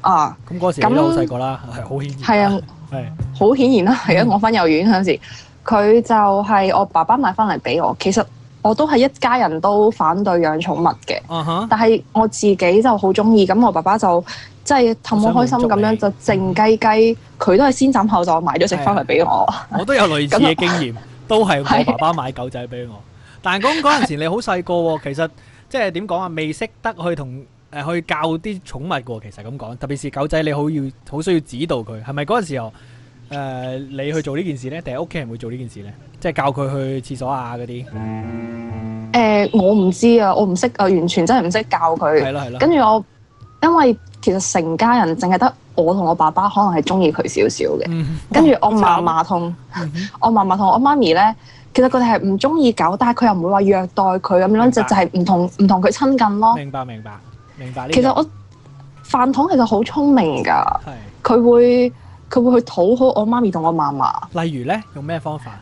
啊。咁嗰時你都細個啦，係好顯。係啊。係。好顯然啦，係啊、嗯！我翻幼兒園嗰陣時，佢就係我爸爸買翻嚟俾我。其實我都係一家人都反對養寵物嘅。Uh-huh, 但係我自己就好中意，咁我爸爸就即係氹我，我開心咁樣就靜雞雞。佢都係先斬後奏買咗隻翻嚟俾我。Yeah, [laughs] 我都有類似嘅經驗， [laughs] 都係我爸爸買狗仔俾我。 [laughs] 但係講嗰陣時你好細個喎， [laughs] 其實。即係點講啊？未識得去同誒去教啲寵物喎，其實咁講、呃，特別是狗仔，你好要好需要指導佢，係咪嗰陣時候誒、呃、你去做呢件事呢？定係屋企人會做呢件事呢？即係教佢去廁所啊嗰啲。誒、呃，我唔知啊，我唔識啊，我完全真係唔識教佢。係啦係啦。跟住我，因為其實成家人淨係得我同我爸爸可能係中意佢少少嘅。跟住我嫲嫲同我嫲嫲同我媽咪 [laughs] 呢。其實佢哋係唔中意狗，但係佢又唔會話虐待佢咁樣，就就係唔同唔同佢親近咯。明白，明白，明白。其實我飯桶其實好聰明㗎，佢會佢會去討好我媽咪同我嫲嫲。例如咧，用咩方法？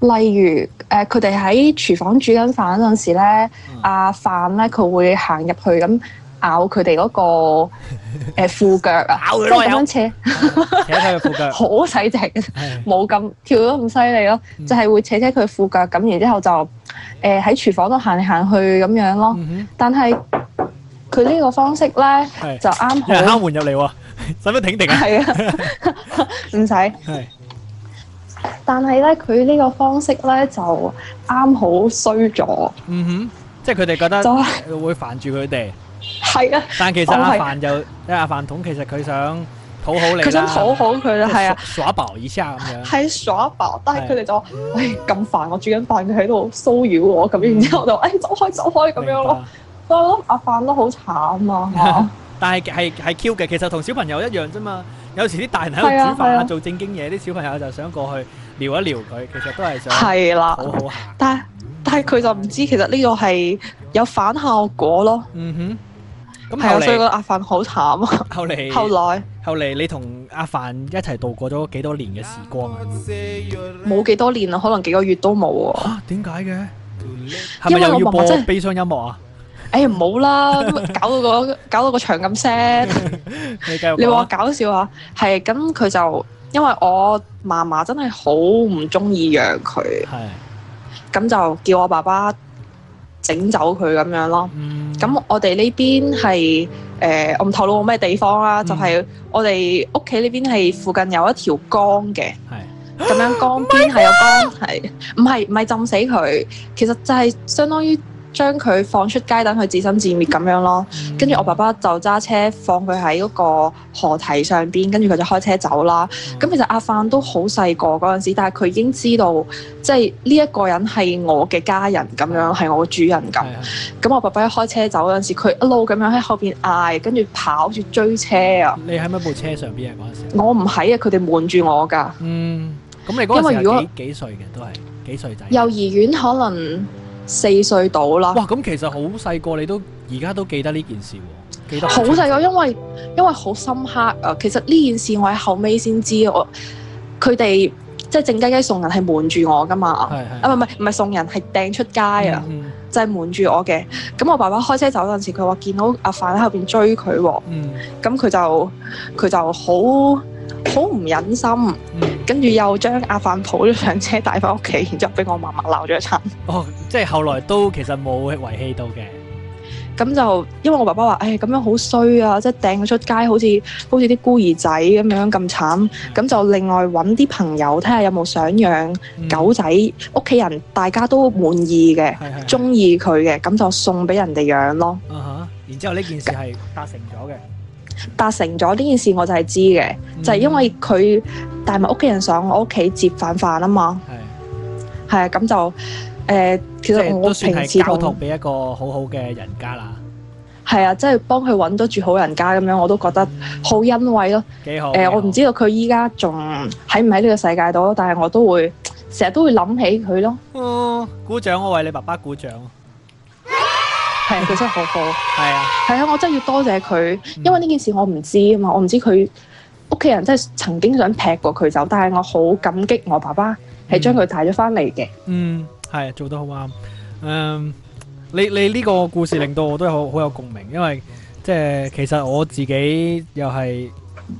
例如誒，佢哋喺廚房煮緊飯嗰陣時咧，阿、嗯啊、飯咧佢會行入去咁。咬佢哋嗰個誒褲、呃、腳、啊、咬佢跟住想扯扯佢褲腳，好細隻，冇咁跳得咁犀利咯，就係、是、會扯扯佢褲腳，咁然之後就誒喺、呃、廚房度行嚟行去咁樣咯。嗯、但係佢呢個方式咧就啱好，啱敲門入嚟喎，使唔使停定啊？係啊，唔 [laughs] 使 [laughs] 。但係咧，佢呢個方式咧就啱好衰咗。嗯哼，即係佢哋覺得就會煩住佢哋。係啊，但其實阿凡就即阿凡同其實佢想討好你，佢想討好佢啦，係、就是哎嗯哎、啊，耍寶一下咁樣，係耍寶，但係佢哋就，唉咁煩，我煮緊飯，佢喺度騷擾我，咁然之後就，哎走開走開咁樣咯。所以我諗阿凡都好慘啊。但係係係 Q 嘅，其實同小朋友一樣啫嘛。有時啲大人喺度煮飯啊，做正經嘢，啲小朋友就想過去撩一撩佢，其實都係想係啦。但係但係佢就唔知，其實呢個係有反效果咯。嗯哼。咁後，所以個阿凡好慘啊！後嚟，後來，後嚟你同阿凡一齊度過咗幾多年嘅時光啊？冇幾多年啊，可能幾個月都冇啊！點解嘅？係咪因為 又要播啲悲傷音樂啊？哎唔好啦 [laughs] 搞、那個，搞到個搞到個場咁聲。 [laughs] 你話搞笑啊？係咁，佢就因為我嫲嫲真係好唔中意養佢，係咁的就叫我爸爸。整走佢咁樣咯，咁我哋呢邊係誒、呃，我唔透露我咩地方啦、啊，就係、是、我哋屋企呢邊係附近有一條江嘅，咁樣江邊係有江，係唔係唔係浸死佢，其實就係相當於。將佢放出街等佢自生自滅咁樣咯，跟、mm-hmm. 住我爸爸就揸車放佢喺嗰個河堤上邊，跟住佢就開車走啦。咁、mm-hmm. 其實阿範都好細個嗰陣時，但係佢已經知道，即係呢一個人係我嘅家人咁樣，係我嘅主人咁。咁、mm-hmm. 我爸爸一開車走嗰時，佢一路咁樣喺後邊嗌，跟住跑住追車啊！Mm-hmm. Mm-hmm. 那你喺咪部車上邊啊？嗰時我唔喺啊，佢哋瞞住我㗎。嗯，咁你嗰陣時幾幾歲嘅都係幾歲仔？幼兒園可能、mm-hmm.。四歲到啦。哇！咁其實好細個，你都而家都記得呢件事喎？記得好細個。好細個，因為因為好深刻啊！其實呢件事我喺後尾先知道，我佢哋即係靜雞雞送人係瞞住我噶嘛。係係、啊。啊唔係唔係送人係掟出街啊、嗯，就係、是、瞞住我嘅。咁我爸爸開車走嗰陣時，佢話見到阿煩喺後邊追佢、啊。嗯。咁佢就佢就好。好唔忍心，跟、嗯、住又將阿飯抱咗上車帶翻屋企，然之後俾我媽媽鬧咗一餐。哦，即係後來都其實冇遺棄到嘅。咁就因為我爸爸話，唉、哎，咁樣好衰啊，即係掟佢出街，好似好似啲孤兒仔咁樣咁慘。咁、嗯、就另外搵啲朋友，睇下有冇想養狗仔，屋、嗯、企人大家都滿意嘅，中意佢嘅，咁就送俾人哋養咯。嗯、啊、哼，然之後呢件事係達成咗嘅。達成咗呢件事，我就係知嘅、嗯，就係、是、因為佢帶埋屋企人上我屋企接飯飯啊嘛，係啊，咁就誒、呃，其實我都平時我託俾一個好好嘅人家啦，係啊，即係幫佢搵到住好人家咁樣，我都覺得好欣慰咯，幾、嗯、好，誒、呃，我唔知道佢依家仲喺唔喺呢個世界度咯，但係我都會成日都會諗起佢咯、哦，鼓掌，我為你爸爸鼓掌。係 [laughs] 佢真係好好，係啊，係啊，我真係要多謝佢，因為呢件事我唔知啊嘛，嗯，我唔知佢屋企人真係曾經想劈過佢走，但係我好感激我爸爸係將佢帶咗翻嚟嘅。嗯，係、嗯、做得好啱。誒、um，你你呢個故事令到我都好好有共鳴，因為即係其實我自己又係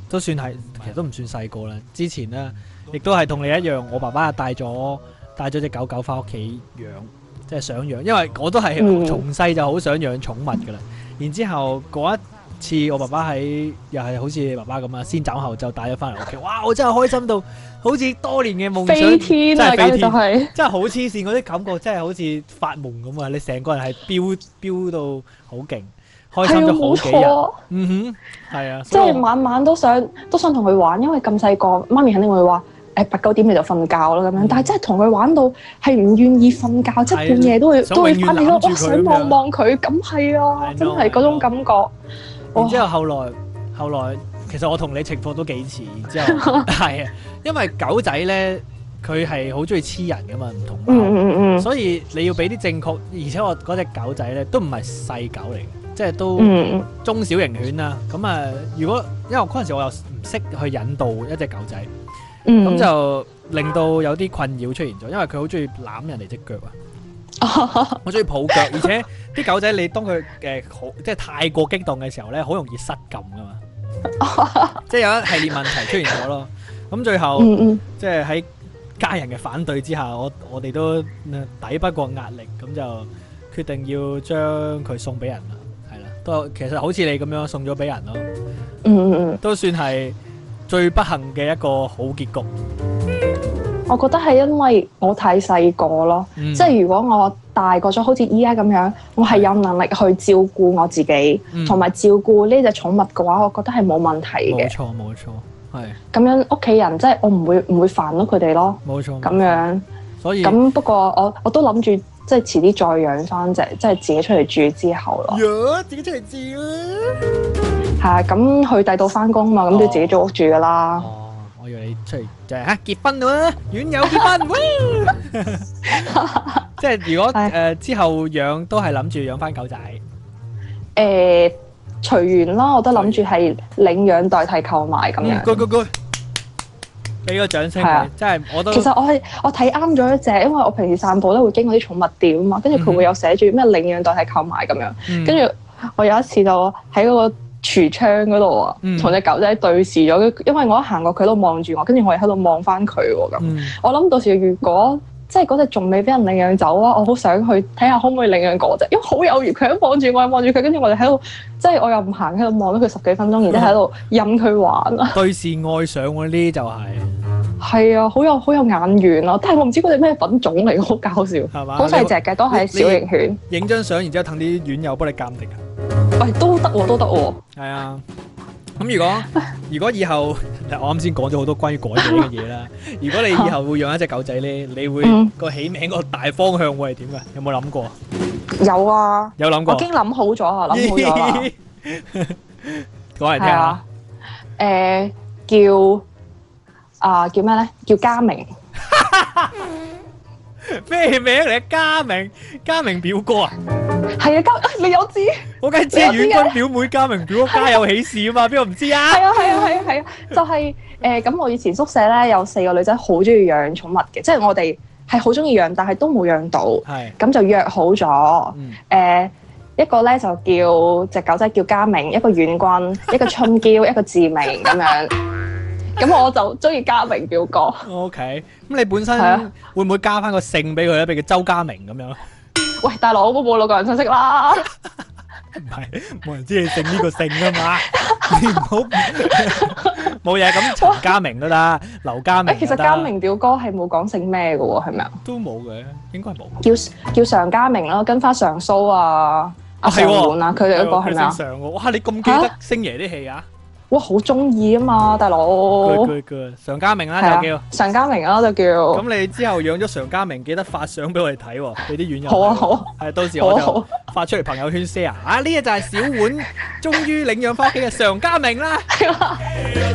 都算係其實都唔算細個啦。之前呢，亦都係同你一樣，我爸爸帶咗帶咗隻狗狗翻屋企養。即係想養，因為我都係從細就好想養寵物㗎喇。然之後嗰一次，我爸爸喺又係好似爸爸咁啊，先走後就帶咗返嚟屋企。哇！我真係開心到好似多年嘅夢想，真係飛天，真係好黐線嗰啲感覺，真係好似發夢咁啊！你成個人係飆飆到好勁，開心咗好幾日。嗯哼，係啊，即係晚晚都想都想同佢玩，因為咁細個，媽咪肯定會話。誒、欸、八九點你就瞓覺咯咁樣。嗯、但係真係同佢玩到係唔願意瞓覺，嗯、即係半夜都會都會發現我想望望佢。咁係啊，真係嗰種感覺。然之後後來後來，後來，其實我同你情況都幾似。然之後係啊， [laughs] 因為狗仔咧，佢係好中意黐人噶嘛，唔同貓 [laughs] 所以你要俾啲正確，而且我嗰隻狗仔咧都唔係細狗嚟，即係都中小型犬啦。咁啊，嗯、 [laughs] 如果因為嗰陣時我又唔識去引導一隻狗仔，咁、嗯、就令到有啲困擾出現咗，因為佢好中意攬人哋隻腳啊！我中意抱腳，而且啲 [laughs] 狗仔你當佢誒、呃、好，即係太過激動嘅時候咧，好容易失禁噶嘛， [laughs] 即係有一系列問題出現咗咯。咁 [laughs] 最後，嗯嗯，即係喺家人嘅反對之下，我我哋都抵、呃、不過壓力，咁就決定要將佢送俾人啦。係啦，都其實好似你咁樣送咗俾人咯，嗯、都算係。最不幸嘅一個好結局，我覺得係因為我太細個咯、嗯，即係如果我大個咗，好似依家咁樣，是我係有能力去照顧我自己同埋、嗯、照顧呢隻寵物嘅話，我覺得係冇問題嘅。冇錯，冇錯，係咁樣屋企人，即、就、係、是、我唔會唔會煩到佢哋咯。冇錯，咁樣，所以咁不過我我都諗住即係遲啲再養返隻，即係自己出嚟住之後咯、yeah。自己出嚟住。係啊，咁去第度翻工嘛，咁都要自己租屋住噶啦。哦，我以為你出嚟，即係吓結婚咯，院友結婚，即係如果誒之後養都係諗住養翻狗仔。誒，隨緣咯，我都諗住係領養代替購買咁樣。嗯，good good good，俾個掌聲。係啊，真係我都。其實我係我睇啱咗一隻，因為我平時散步咧會經過啲寵物店啊嘛，跟住佢會有寫住咩領養代替購買咁樣，跟住我有一次就喺嗰個。櫥窗嗰度啊，同、嗯、隻狗仔對視咗，因為我一行過佢度望住我，跟住我又喺度望翻佢喎咁。我諗到時如果即係嗰隻仲未俾人領養走啊，我好想去睇下可唔可以領養嗰隻，因為好有緣，佢喺望住我，望住佢，跟住我哋喺度，即、就、係、是、我又唔行喺度望咗佢十幾分鐘，然之後喺度、嗯、任佢玩、就是、啊。對視愛上嗰啲就係係啊，好有好有眼緣啊！但係我唔知嗰隻咩品種嚟，好搞笑。係嘛？好細隻嘅，都係小型犬。影張相，然之後等啲院友幫你鑑定。喂，都得喎，都得喎，係啊。咁如果如果以後，我啱先講咗好多關於改名嘅嘢啦。如果你以後會養一隻狗仔咧，你會個起名個大方向會係點噶？有冇諗過啊？有啊，有諗過，我已經諗好咗啊，諗好咗。講嚟聽下。誒，叫啊，叫咩咧？叫嘉明。咩名嚟？嘉明，嘉明表哥啊！係啊，嘉，你有知？我梗係知遠軍表妹，嘉明表哥家有喜事啊嘛！邊個唔知啊？係啊，係啊，係啊，係啊，啊！就係、是、誒，咁、呃、我以前宿舍咧有四個女仔，好中意養寵物嘅，即係我哋係好中意養，但係都冇養到。係，咁就約好咗。誒、嗯呃，一個咧就叫隻狗仔叫嘉明，一個遠軍，一個春嬌， [laughs] 一個志明咁樣。咁我就中意家明表哥。OK，咁你本身會唔會加翻個姓俾佢咧？俾佢周家明咁樣。喂，大佬，我都冇攞個人信息啦。唔係，冇人知你姓呢個姓啊嘛。你唔好冇嘢，咁陳家明啦，劉家明。誒，其實家明表哥係冇講姓咩嘅喎，係咪啊？都冇嘅，應該係冇。叫叫常家明啦，跟返常蘇啊，阿羅滿啊，佢哋嗰個係咪啊？正常喎，哇！你咁記得星爺啲戲啊？哇，好中意啊嘛，大佬！佢佢佢，常家明啦，就叫常家明啦，就叫。咁、啊、你之後養咗常家明，記得發相俾我哋睇喎，俾啲院友、哦。好啊好啊。係，到時、啊啊、我就發出嚟朋友圈 share 啊，呢嘢、啊啊、就係小碗終於領養翻屋企嘅常家明啦。 [laughs]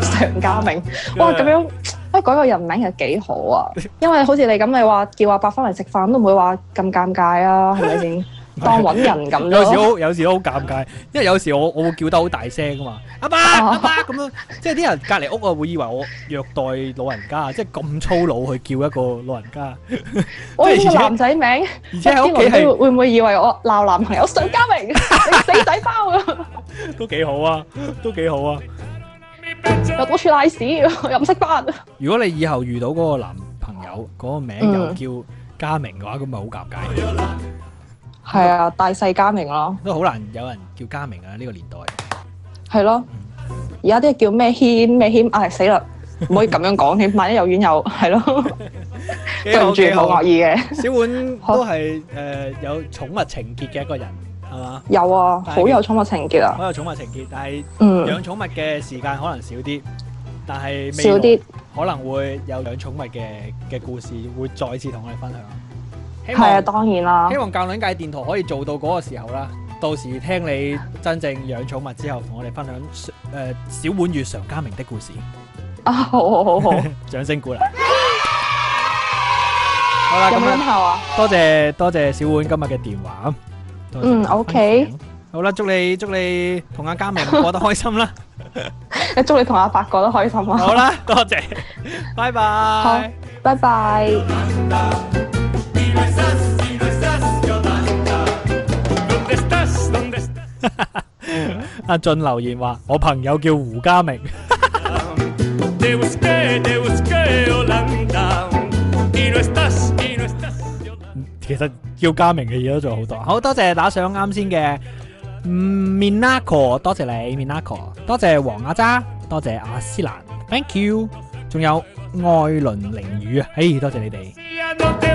常家明，哇，咁 [laughs] 這樣啊， [laughs] 改個人名係幾好啊？ [laughs] 因為好似你咁，你話叫阿伯翻嚟食飯都唔會話咁尷尬啊，係咪先？ [laughs] 當搵人咁， [laughs] 有時好，有時好尷尬，因為有時我我會叫得好大聲㗎嘛， [laughs] 阿伯、啊、阿伯咁 [laughs] 樣，即係啲人隔離屋啊會以為我虐待老人家，即係咁粗魯去叫一個老人家。我呢個男仔名，而且喺屋企會唔會以為我鬧男朋友？ [laughs] 上嘉明，你死仔包啊！ [laughs] 都幾好啊，都幾好啊！又到處拉屎，又唔識返。如果你以後遇到嗰個男朋友嗰、嗰個名又叫嘉明嘅話，咁咪好尷尬。嗯 [laughs] 係啊，大細家明咯，都好難有人叫家明啊！呢個年代係咯，而家啲叫咩謙咩謙，哎死啦，唔可以咁樣講添，萬一有院友係咯，對唔住，好惡意嘅。小碗都係誒有寵物情結嘅一個人，係嘛？有啊，好有寵物情結啊，好有寵物情結，但係嗯養寵物嘅時間可能少啲，但係少啲可能會有養寵物嘅嘅故事會再次同我哋分享。係啊，當然啦。希望教兩屆電台可以做到嗰個時候啦。到時聽你真正養寵物之後，同我哋分享誒小碗與常家明的故事。啊，好好好，掌聲鼓勵。好啦，咁樣頭啊。多謝多謝小碗今日嘅電話。嗯，OK。好啦，祝你祝你同阿家明過得開心啦。祝你同阿伯過得開心啊！好啦，多謝，拜拜。好，拜拜。哈哈，阿 [noise] 俊樂、 [music] 啊、留言話，我朋友叫胡家明。 [laughs] 哈 [noise] 哈樂，其實叫家明嘅嘢都做好多，好多謝打賞啱先嘅 m i n a，多謝你 m i n a，多謝黃阿渣，多謝阿斯蘭，Thank you，仲有愛倫寧宇啊，哎，多謝你哋。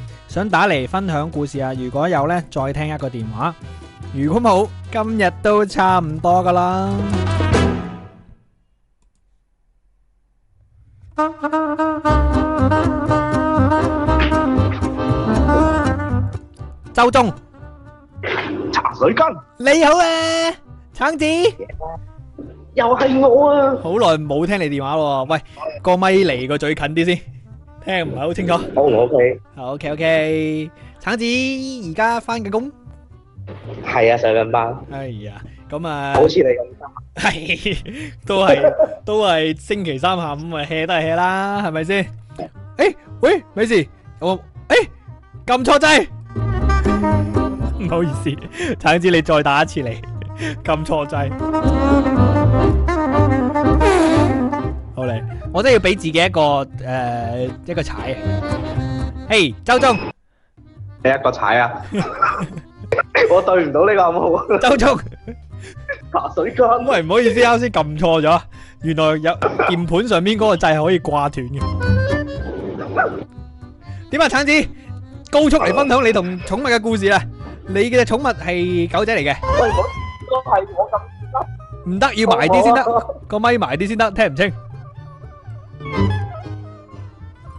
想打嚟分享故事啊！如果有呢，再聽一個電話；如果冇，今日都差唔多噶啦。周中，茶水間，你好啊，橙子，又係我啊！好耐冇聽你電話咯，喂，個咪離個嘴近啲先。聽唔係好清楚，O 唔 O K？好 O K O K。橙子而家翻緊工係啊，上緊班。哎呀，咁啊，好似你咁係，都係都係星期三下午咪 hea 都係 hea 啦，係咪先？誒喂，咩事？我誒，撳錯掣，唔好意思，橙子你再打一次嚟，撳錯掣。好咧。我都要俾自己一個誒一個踩。嘿，周中，你一個踩啊！我對唔到呢個暗號。周中，茶水間喂，唔好意思，啱先撳錯咗，原來有鍵盤上面嗰個掣係可以掛斷嘅。點啊，橙子，高速嚟，分享你同寵物嘅故事啊。你嘅寵物係狗仔嚟嘅。唔得，要埋啲先得，個咪埋啲先得，聽唔清。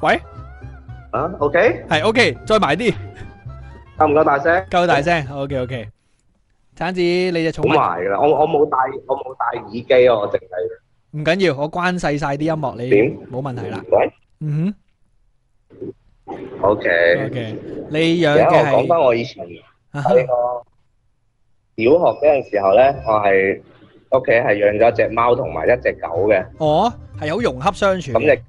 喂？啊，OK，係 OK，再埋啲，夠唔夠大聲？夠大聲，OK，OK。橙子，你隻寵物噶啦，我我冇戴，我冇戴耳機哦，我淨係。唔緊要，我關細晒啲音樂，你點？冇問題啦。喂？嗯？OK。OK。你養嘅係。講翻我以前，呢個小學嗰陣時候咧，我係屋企係養咗一隻貓同埋一隻狗嘅。哦？係好融合相處，咁亦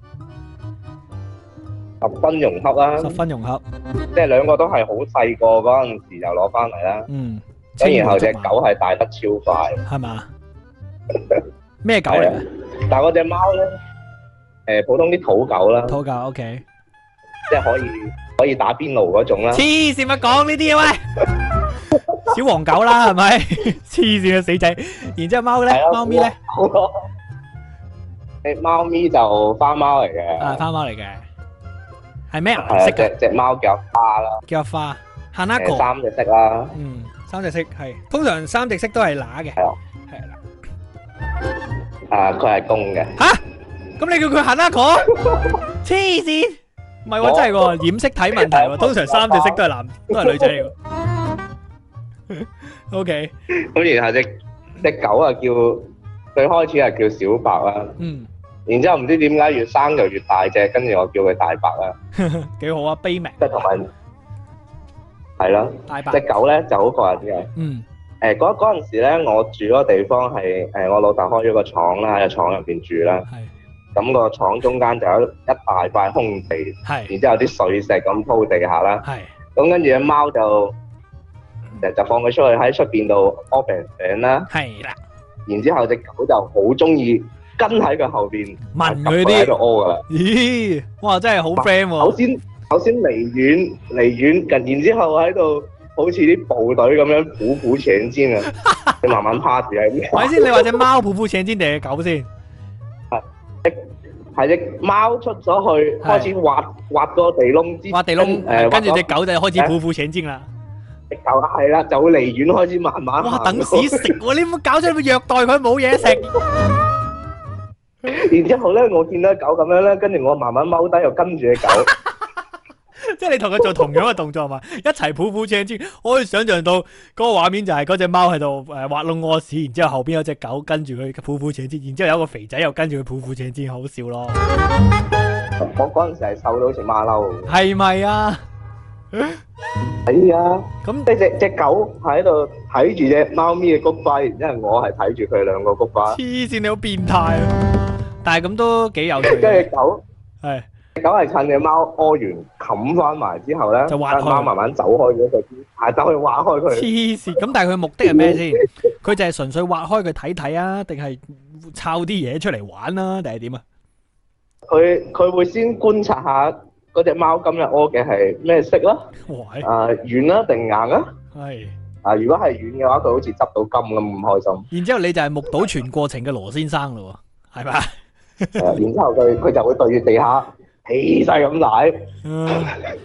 十分融合啦。十分融合，即係兩個都係好細個嗰陣時就攞翻嚟啦。嗯，咁然後隻狗係大得超快，係嘛？咩狗嚟？但係我隻貓咧，誒，普通啲土狗啦，土狗 OK，即係可以可以打邊爐嗰種啦。黐線咪講呢啲嘢喂，小黃狗啦係咪？黐線嘅死仔。然之後貓咧，貓咪咧。隻貓咪就花貓嚟嘅，花貓嚟嘅係咩顏色嘅？隻隻貓叫花啦，叫花。Hanako，三隻色啦，嗯，三隻色係。通常三隻色都係乸嘅，係咯，係啦。啊，佢係公嘅。吓？咁你叫佢 Hanako？黐線！唔係喎，真係喎，染色體問題喎。通常三隻色都係男，都係女仔嚟嘅。O K。咁然後隻隻狗啊叫，最開始係叫小白啦，嗯。然之後唔知點解越生就越大隻，跟住我叫佢大白啦，幾 [laughs] 好啊，悲名即係同埋係咯，隻狗咧就好可人嘅。嗯，誒、呃，嗰嗰陣時咧，我住嗰個地方係誒、呃，我老豆開咗個廠啦，喺個廠入邊住啦。係、嗯。咁個廠中間就有一大塊空地，係。然之後啲碎石咁鋪地下啦，係。咁跟住隻貓就、嗯、就放佢出去喺出邊度屙病病啦，係啦。然之後隻狗就好中意。跟喺佢後邊，問佢啲喺度屙噶啦。咦！哇，真係好 friend 喎。首先，首先離遠離遠，然之後喺度好似啲部隊咁樣匍匐前進啊。你慢慢 pass 住。係先，你話隻貓匍匐前進定係狗先？係，係隻貓出咗去開始挖挖個地窿之，挖地窿，跟住隻狗就開始匍匐前進啦。隻狗啦，係啦，就會離遠開始慢慢。哇！等屎食喎，你唔好搞出嚟虐待佢，冇嘢食。然之後咧，我見到狗咁樣咧，跟住我慢慢踎低，又跟住隻狗。 [laughs] [laughs] 即係你同佢做同樣嘅動作嘛？ [laughs] 一齊匍匐前進，我可以想象到嗰個畫面就係嗰隻貓喺度誒挖窿屙屎，然之後後邊有隻狗跟住佢匍匐前進，然之後有個肥仔又跟住佢匍匐前進，好笑咯。我嗰陣時係瘦到好似馬騮。係咪啊？係 [laughs] 啊、哎。咁、嗯、你那隻隻狗喺度睇住隻貓咪嘅菊花，然之後我係睇住佢兩個菊花。黐線，你好變態、啊。但係咁都幾有趣，即係狗係狗係趁隻貓屙完冚翻埋之後咧，就挖佢貓慢慢走開咗佢，係走去挖開佢。黐線！咁但係佢目的係咩先？佢 [laughs] 就係純粹挖開佢睇睇啊，定係抄啲嘢出嚟玩啦，定係點啊？佢佢會先觀察下嗰隻貓今日屙嘅係咩色咯？啊軟啦定硬啦？係啊、呃！如果係軟嘅話，佢好似執到金咁唔開心。然之後你就係目睹全過程嘅羅先生咯，係嘛？ [laughs] 然之後佢佢就會對住地下，起勢咁舐。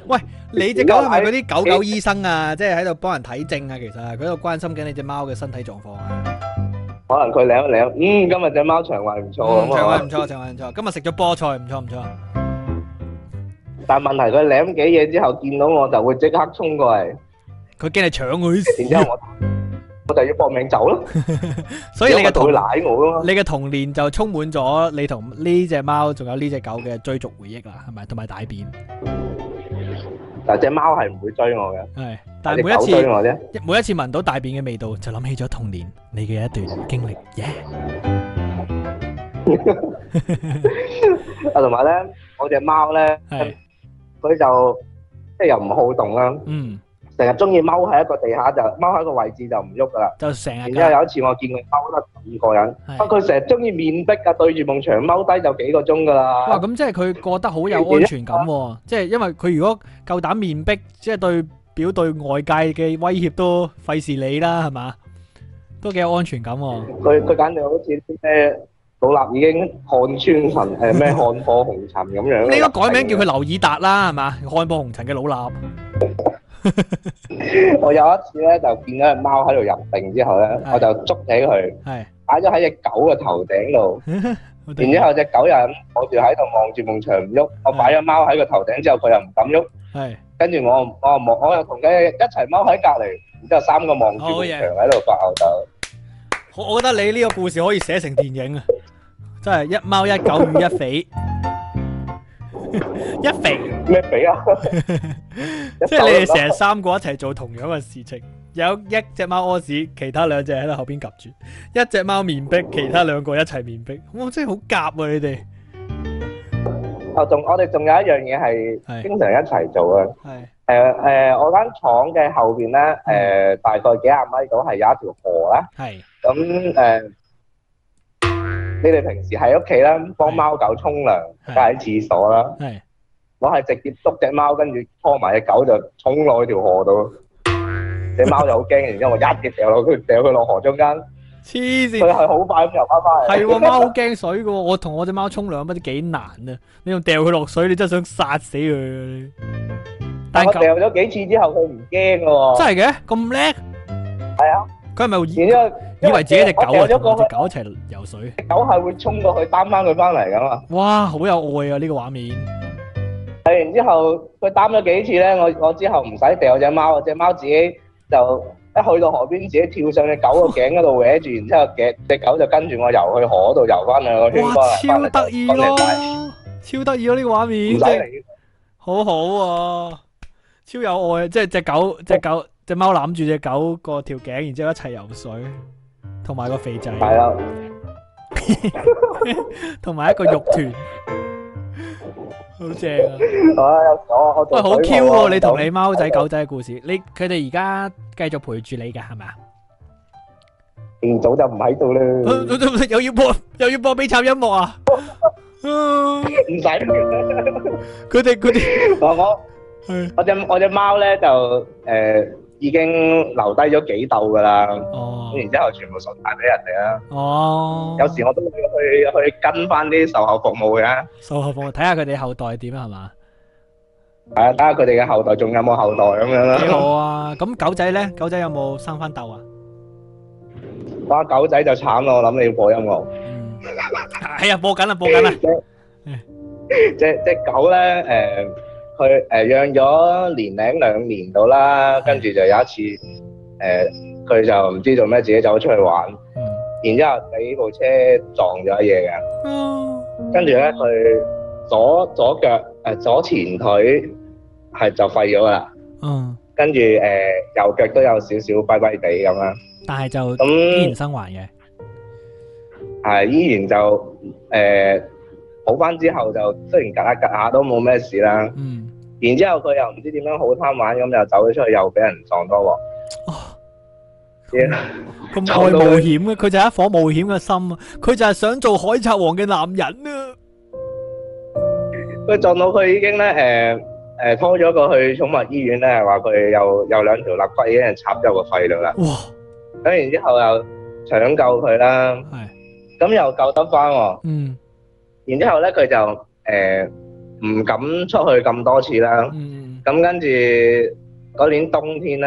喂，你隻狗係咪嗰啲狗狗醫生啊？即係喺度幫人睇症啊？其實佢喺度關心緊你隻貓嘅身體狀況啊？可能佢舐一舐，嗯，今日隻貓腸胃唔錯，腸胃唔錯，腸胃唔錯。今日食咗菠菜，唔錯唔錯。但係問題佢舐幾嘢之後，見到我就會即刻衝過嚟。佢驚你搶佢食，然之後我我就要搏命走咯，所以你嘅，同你嘅童年就充滿咗你同呢隻貓仲有呢隻狗嘅追逐回憶啦，係咪？同埋大便，但係隻貓係唔會追我嘅，係。但係每一次，每一次聞到大便嘅味道，就諗起咗童年你嘅一段經歷。啊，同埋咧，我隻貓咧，佢就即係又唔好動啦。嗯。成日中意踎喺一個地下就踎喺個位置就唔喐噶啦，就成日。然之後有一次我見佢踎得好過癮，啊佢成日中意面壁啊，對住埲牆踎低就幾個鐘噶啦。哇，咁即係佢覺得好有安全感喎、哦，即係因為佢如果夠膽面壁，即係對錶對外界嘅威脅都費事理啦，係嘛？都幾有安全感、哦。佢佢簡直好似咩老衲已經看穿塵誒咩看破紅塵咁樣。你 [laughs] 應該改名叫佢劉以達啦，係嘛？看破紅塵嘅老衲。我有一次咧，就見到隻貓喺度入定之後咧，我就捉起佢，擺咗喺隻狗嘅頭頂度，然之後隻狗又踎住喺度望住夢牆唔喐，我擺咗貓喺個頭頂之後，佢又唔敢喐。係，跟住我我又望，我又同佢一齊踎喺隔籬，然之後三個望住夢牆喺度發吽哣。我我覺得你呢個故事可以寫成電影啊，真係一貓一狗與一肥。一肥咩？肥啊！即係你哋成日三個一齊做同樣嘅事情，有一隻貓屙屎，其他兩隻喺度後邊夾住；一隻貓面壁，其他兩個一齊面壁。哇，真係好夾啊！你哋。哦，仲我哋仲有一樣嘢係經常一齊做啊。係。誒誒，我間廠嘅後邊咧，誒，大概幾廿米度係有一條河啦。係。咁誒。你哋平時喺屋企啦，幫貓狗沖涼，梗係喺廁所啦。我係直接篤隻貓，跟住拖埋隻狗就衝落去條河度。隻貓就好驚，然之後我一跌掉落，佢掉佢落河中間。黐線！佢係好快咁游翻翻嚟。係喎，貓好驚水嘅喎，我同我隻貓沖涼不知幾難啊！你仲掉佢落水，你真係想殺死佢。但係我掉咗幾次之後，佢唔驚嘅喎。真係嘅？咁叻？係啊。佢係咪？然之後以為自己隻狗啊，同隻狗一齊游水。狗係會衝過去擔翻佢翻嚟噶嘛？哇！好有愛啊！呢個畫面。係，然之後，佢擔咗幾次咧，我我之後唔使掉隻貓啊，隻貓自己就一去到河邊，自己跳上隻狗個頸嗰度搲住，然之後嘅隻狗就跟住我遊去河嗰度遊翻去個圈翻嚟。哇！超得意咯，超得意咯！呢個畫面真係好好喎，超有愛啊！即係隻狗，隻狗。隻貓攬住隻狗個條頸，然之後一齊游水，同埋個肥仔，同埋 [laughs] 一個肉團， [laughs] [laughs] 好正啊！喂，好 Q 喎，你同你貓仔狗仔嘅故事，你佢哋而家繼續陪住你㗎係咪啊？唔，早就唔喺度啦，又要播又要播悲慘音樂啊？唔 [laughs] 使用的，佢哋佢哋我我 [laughs] 我隻我隻貓咧就誒。呃已經留低咗幾竇噶啦，咁然之後全部送晒俾人哋啦。哦，有時我都會去去跟翻啲售後服務噶。售後服務睇下佢哋後代點係嘛？係啊，睇下佢哋嘅後代仲有冇後代咁樣咯。好啊，咁狗仔咧，狗仔有冇生翻竇啊？哇，狗仔就慘啦，我諗你要播音樂。嗯。係啊，播緊啦，播緊啦。即係即係狗咧，誒。佢誒養咗年零兩年到啦，跟住就有一次誒，佢、呃、就唔知做咩自己走出去玩，嗯、然之後俾部車撞咗一嘢嘅，跟住咧佢左左腳誒左前腿係就廢咗啦，嗯，跟住誒、呃嗯呃、右腳都有少少跛跛地咁啦，但係就咁然生還嘅，係、嗯啊、依然就誒好返之後就雖然隔下隔下都冇咩事啦，嗯。然之後佢又唔知點樣好貪玩咁，又走咗出去，又俾人撞多喎。哦，咁，太冒險嘅，佢就係一顆冒險嘅心，佢就係想做海賊王嘅男人啦、啊。佢撞到佢已經咧，誒、呃、誒、呃，拖咗過去寵物醫院咧，話佢又有兩條肋骨已經插咗個肺度啦。哇！咁然之後又搶救佢啦，係咁又救得翻喎。嗯。然之後咧，佢就誒。唔敢出去咁多次啦。咁跟住嗰年冬天咧，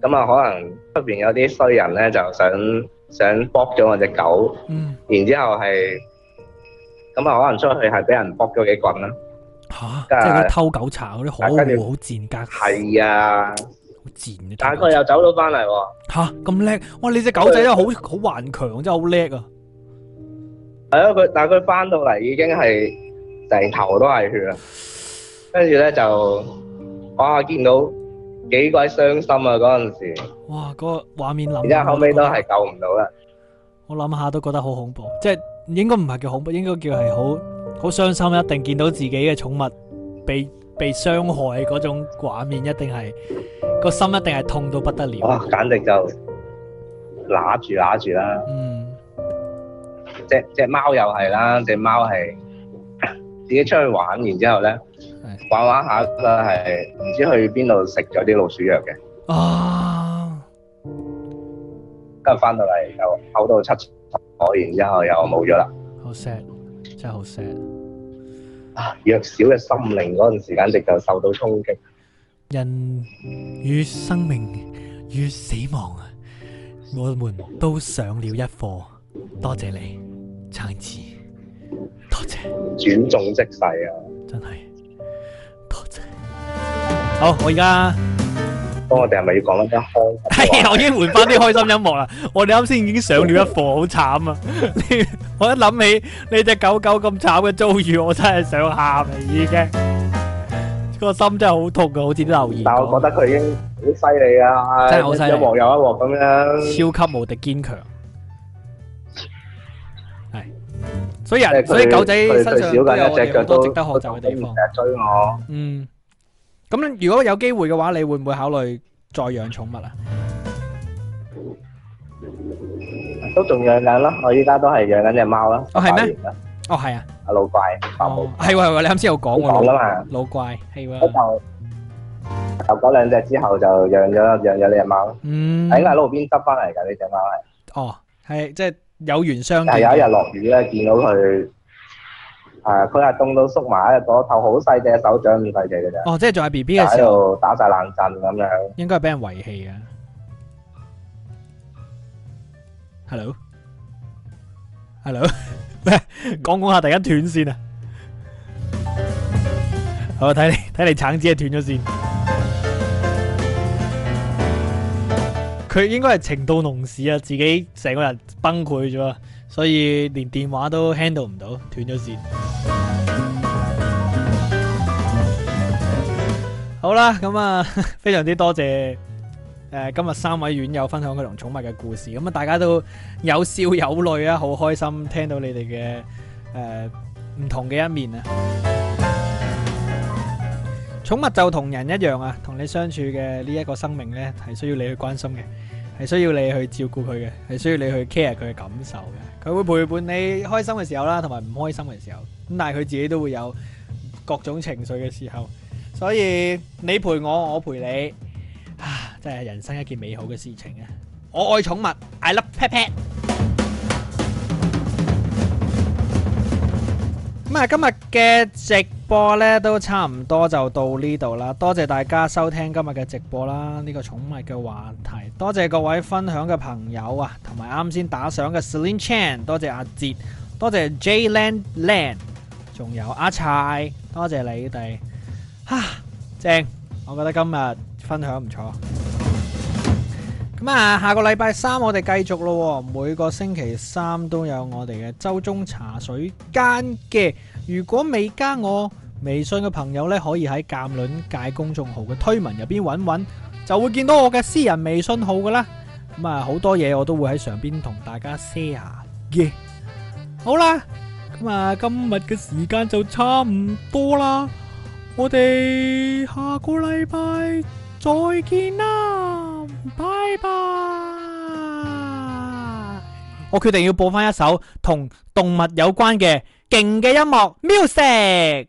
咁啊可能出邊有啲衰人咧，就想想搏咗我隻狗。然之後係咁啊，可能出去係俾人搏咗幾棍啦。嚇！即係嗰啲偷狗賊嗰啲可惡，好賤格。係啊，好賤啊！但係佢又走咗翻嚟喎。嚇！咁叻哇！你隻狗仔都好好頑強，真係好叻啊！係啊，佢但係佢翻到嚟已經係。成頭都係血啊！跟住咧就哇，見到幾鬼傷心啊！嗰陣時哇，個畫面諗，然之後後尾都係救唔到啦。我諗下都覺得好恐怖，即係應該唔係叫恐怖，應該叫係好好傷心。一定見到自己嘅寵物被被傷害嗰種畫面，一定係個心一定係痛到不得了。哇！簡直就揦住揦住啦。嗯，只隻貓又係啦，隻貓係。自己出去玩，然之後咧玩玩下，佢係唔知去邊度食咗啲老鼠藥嘅。啊！今日翻到嚟又嘔到七彩，然之後又冇咗啦。好 sad，真係好 sad 啊！弱小嘅心靈嗰陣時，簡直就受到衝擊。人與生命與死亡，我們都上了一課。多謝你，撐持。多謝，謝，轉重即逝啊！真係多謝，謝。好，我而家，幫我哋係咪要講得開？係， [laughs] [laughs] 我已經換翻啲開心音樂啦。 [laughs] 我哋啱先已經上了一課，好慘啊！ [laughs] 我一諗起呢隻狗狗咁慘嘅遭遇，我真係想喊啊！已經個心真係好痛噶，好似啲留言。但我覺得佢已經好犀利啊！真係好犀利，一鑊又一鑊咁樣，超級無敵堅強。堅強所以人，所以狗仔身上都有好多值得學習嘅地方。嗯，咁如果有機會嘅話，你會唔會考慮再養寵物啊？都仲養緊咯，我依家都係養緊隻貓啦。哦，係咩？哦，係啊，阿老怪，哦，係喎，係喎，你啱先有講過啦嘛。老怪，係喎。一頭有嗰兩隻之後就養咗養咗呢隻貓。嗯。喺路邊執翻嚟噶呢隻貓係。哦，係即係。有緣相。係有一日落雨咧，見到佢，啊，佢係凍到縮埋，嗰頭好細隻手掌咁大隻嘅咋。哦，即係仲係 B B 嘅時候打晒冷震咁樣。應該係俾人遺棄㗎！Hello，Hello，講講下，突然間斷線啊！好睇你睇你，橙子係斷咗線。佢應該係情到濃時啊，自己成個人崩潰咗，所以連電話都 handle 唔到，斷咗線。 [music] 好啦，咁啊，非常之多謝誒、呃、今日三位院友分享佢同寵物嘅故事，咁啊，大家都有笑有淚啊，好開心聽到你哋嘅誒唔同嘅一面啊！寵物就同人一樣啊，同你相處嘅呢一個生命呢，係需要你去關心嘅，係需要你去照顧佢嘅，係需要你去 care 佢嘅感受嘅。佢會陪伴你開心嘅時候啦，同埋唔開心嘅時候。咁但係佢自己都會有各種情緒嘅時候，所以你陪我，我陪你，啊，真係人生一件美好嘅事情啊！我愛寵物，I love Pet Pet。咁啊，今日嘅直播呢都差唔多就到呢度啦，多謝大家收聽今日嘅直播啦，呢、這個寵物嘅話題，多謝各位分享嘅朋友啊，同埋啱先打賞嘅 Celine Chan，多謝阿哲，多謝 J Land Land，仲有阿柴，多謝你哋，哈、啊、正，我覺得今日分享唔錯。咁啊，下個禮拜三我哋繼續咯，每個星期三都有我哋嘅周中茶水間嘅。如果未加我微信嘅朋友呢，可以喺鑑論界公眾號嘅推文入邊揾揾，就會見到我嘅私人微信號㗎啦。咁啊，好多嘢我都會喺上邊同大家 share 嘅。Yeah. 好啦，咁啊，今日嘅時間就差唔多啦，我哋下個禮拜再見啦。拜拜！我決定要播返一首同動物有關嘅勁嘅音樂，music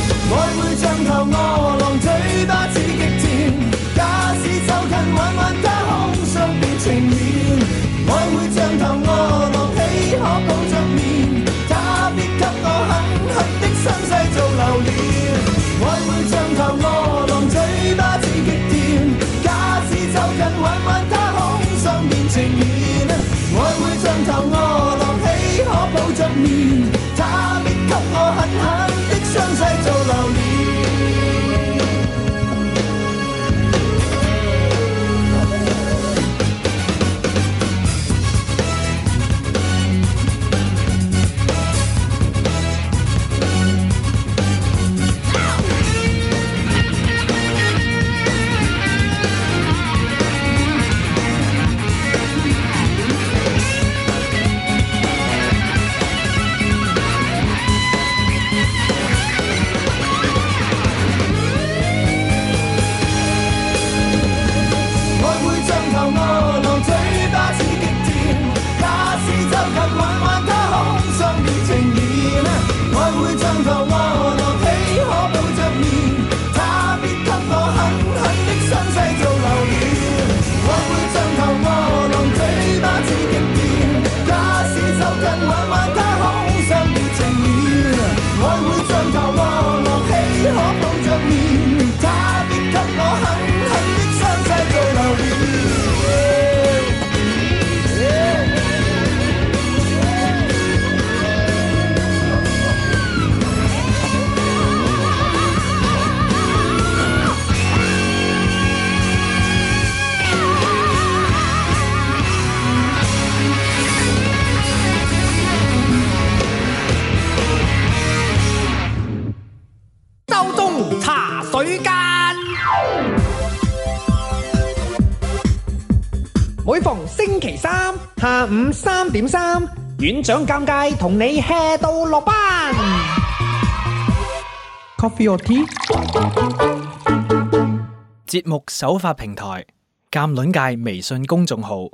他必給我狠狠的傷勢做留念。院長尷尬，同你 hea 到落班。Coffee or tea？節目首發平台：鑒論界微信公眾號。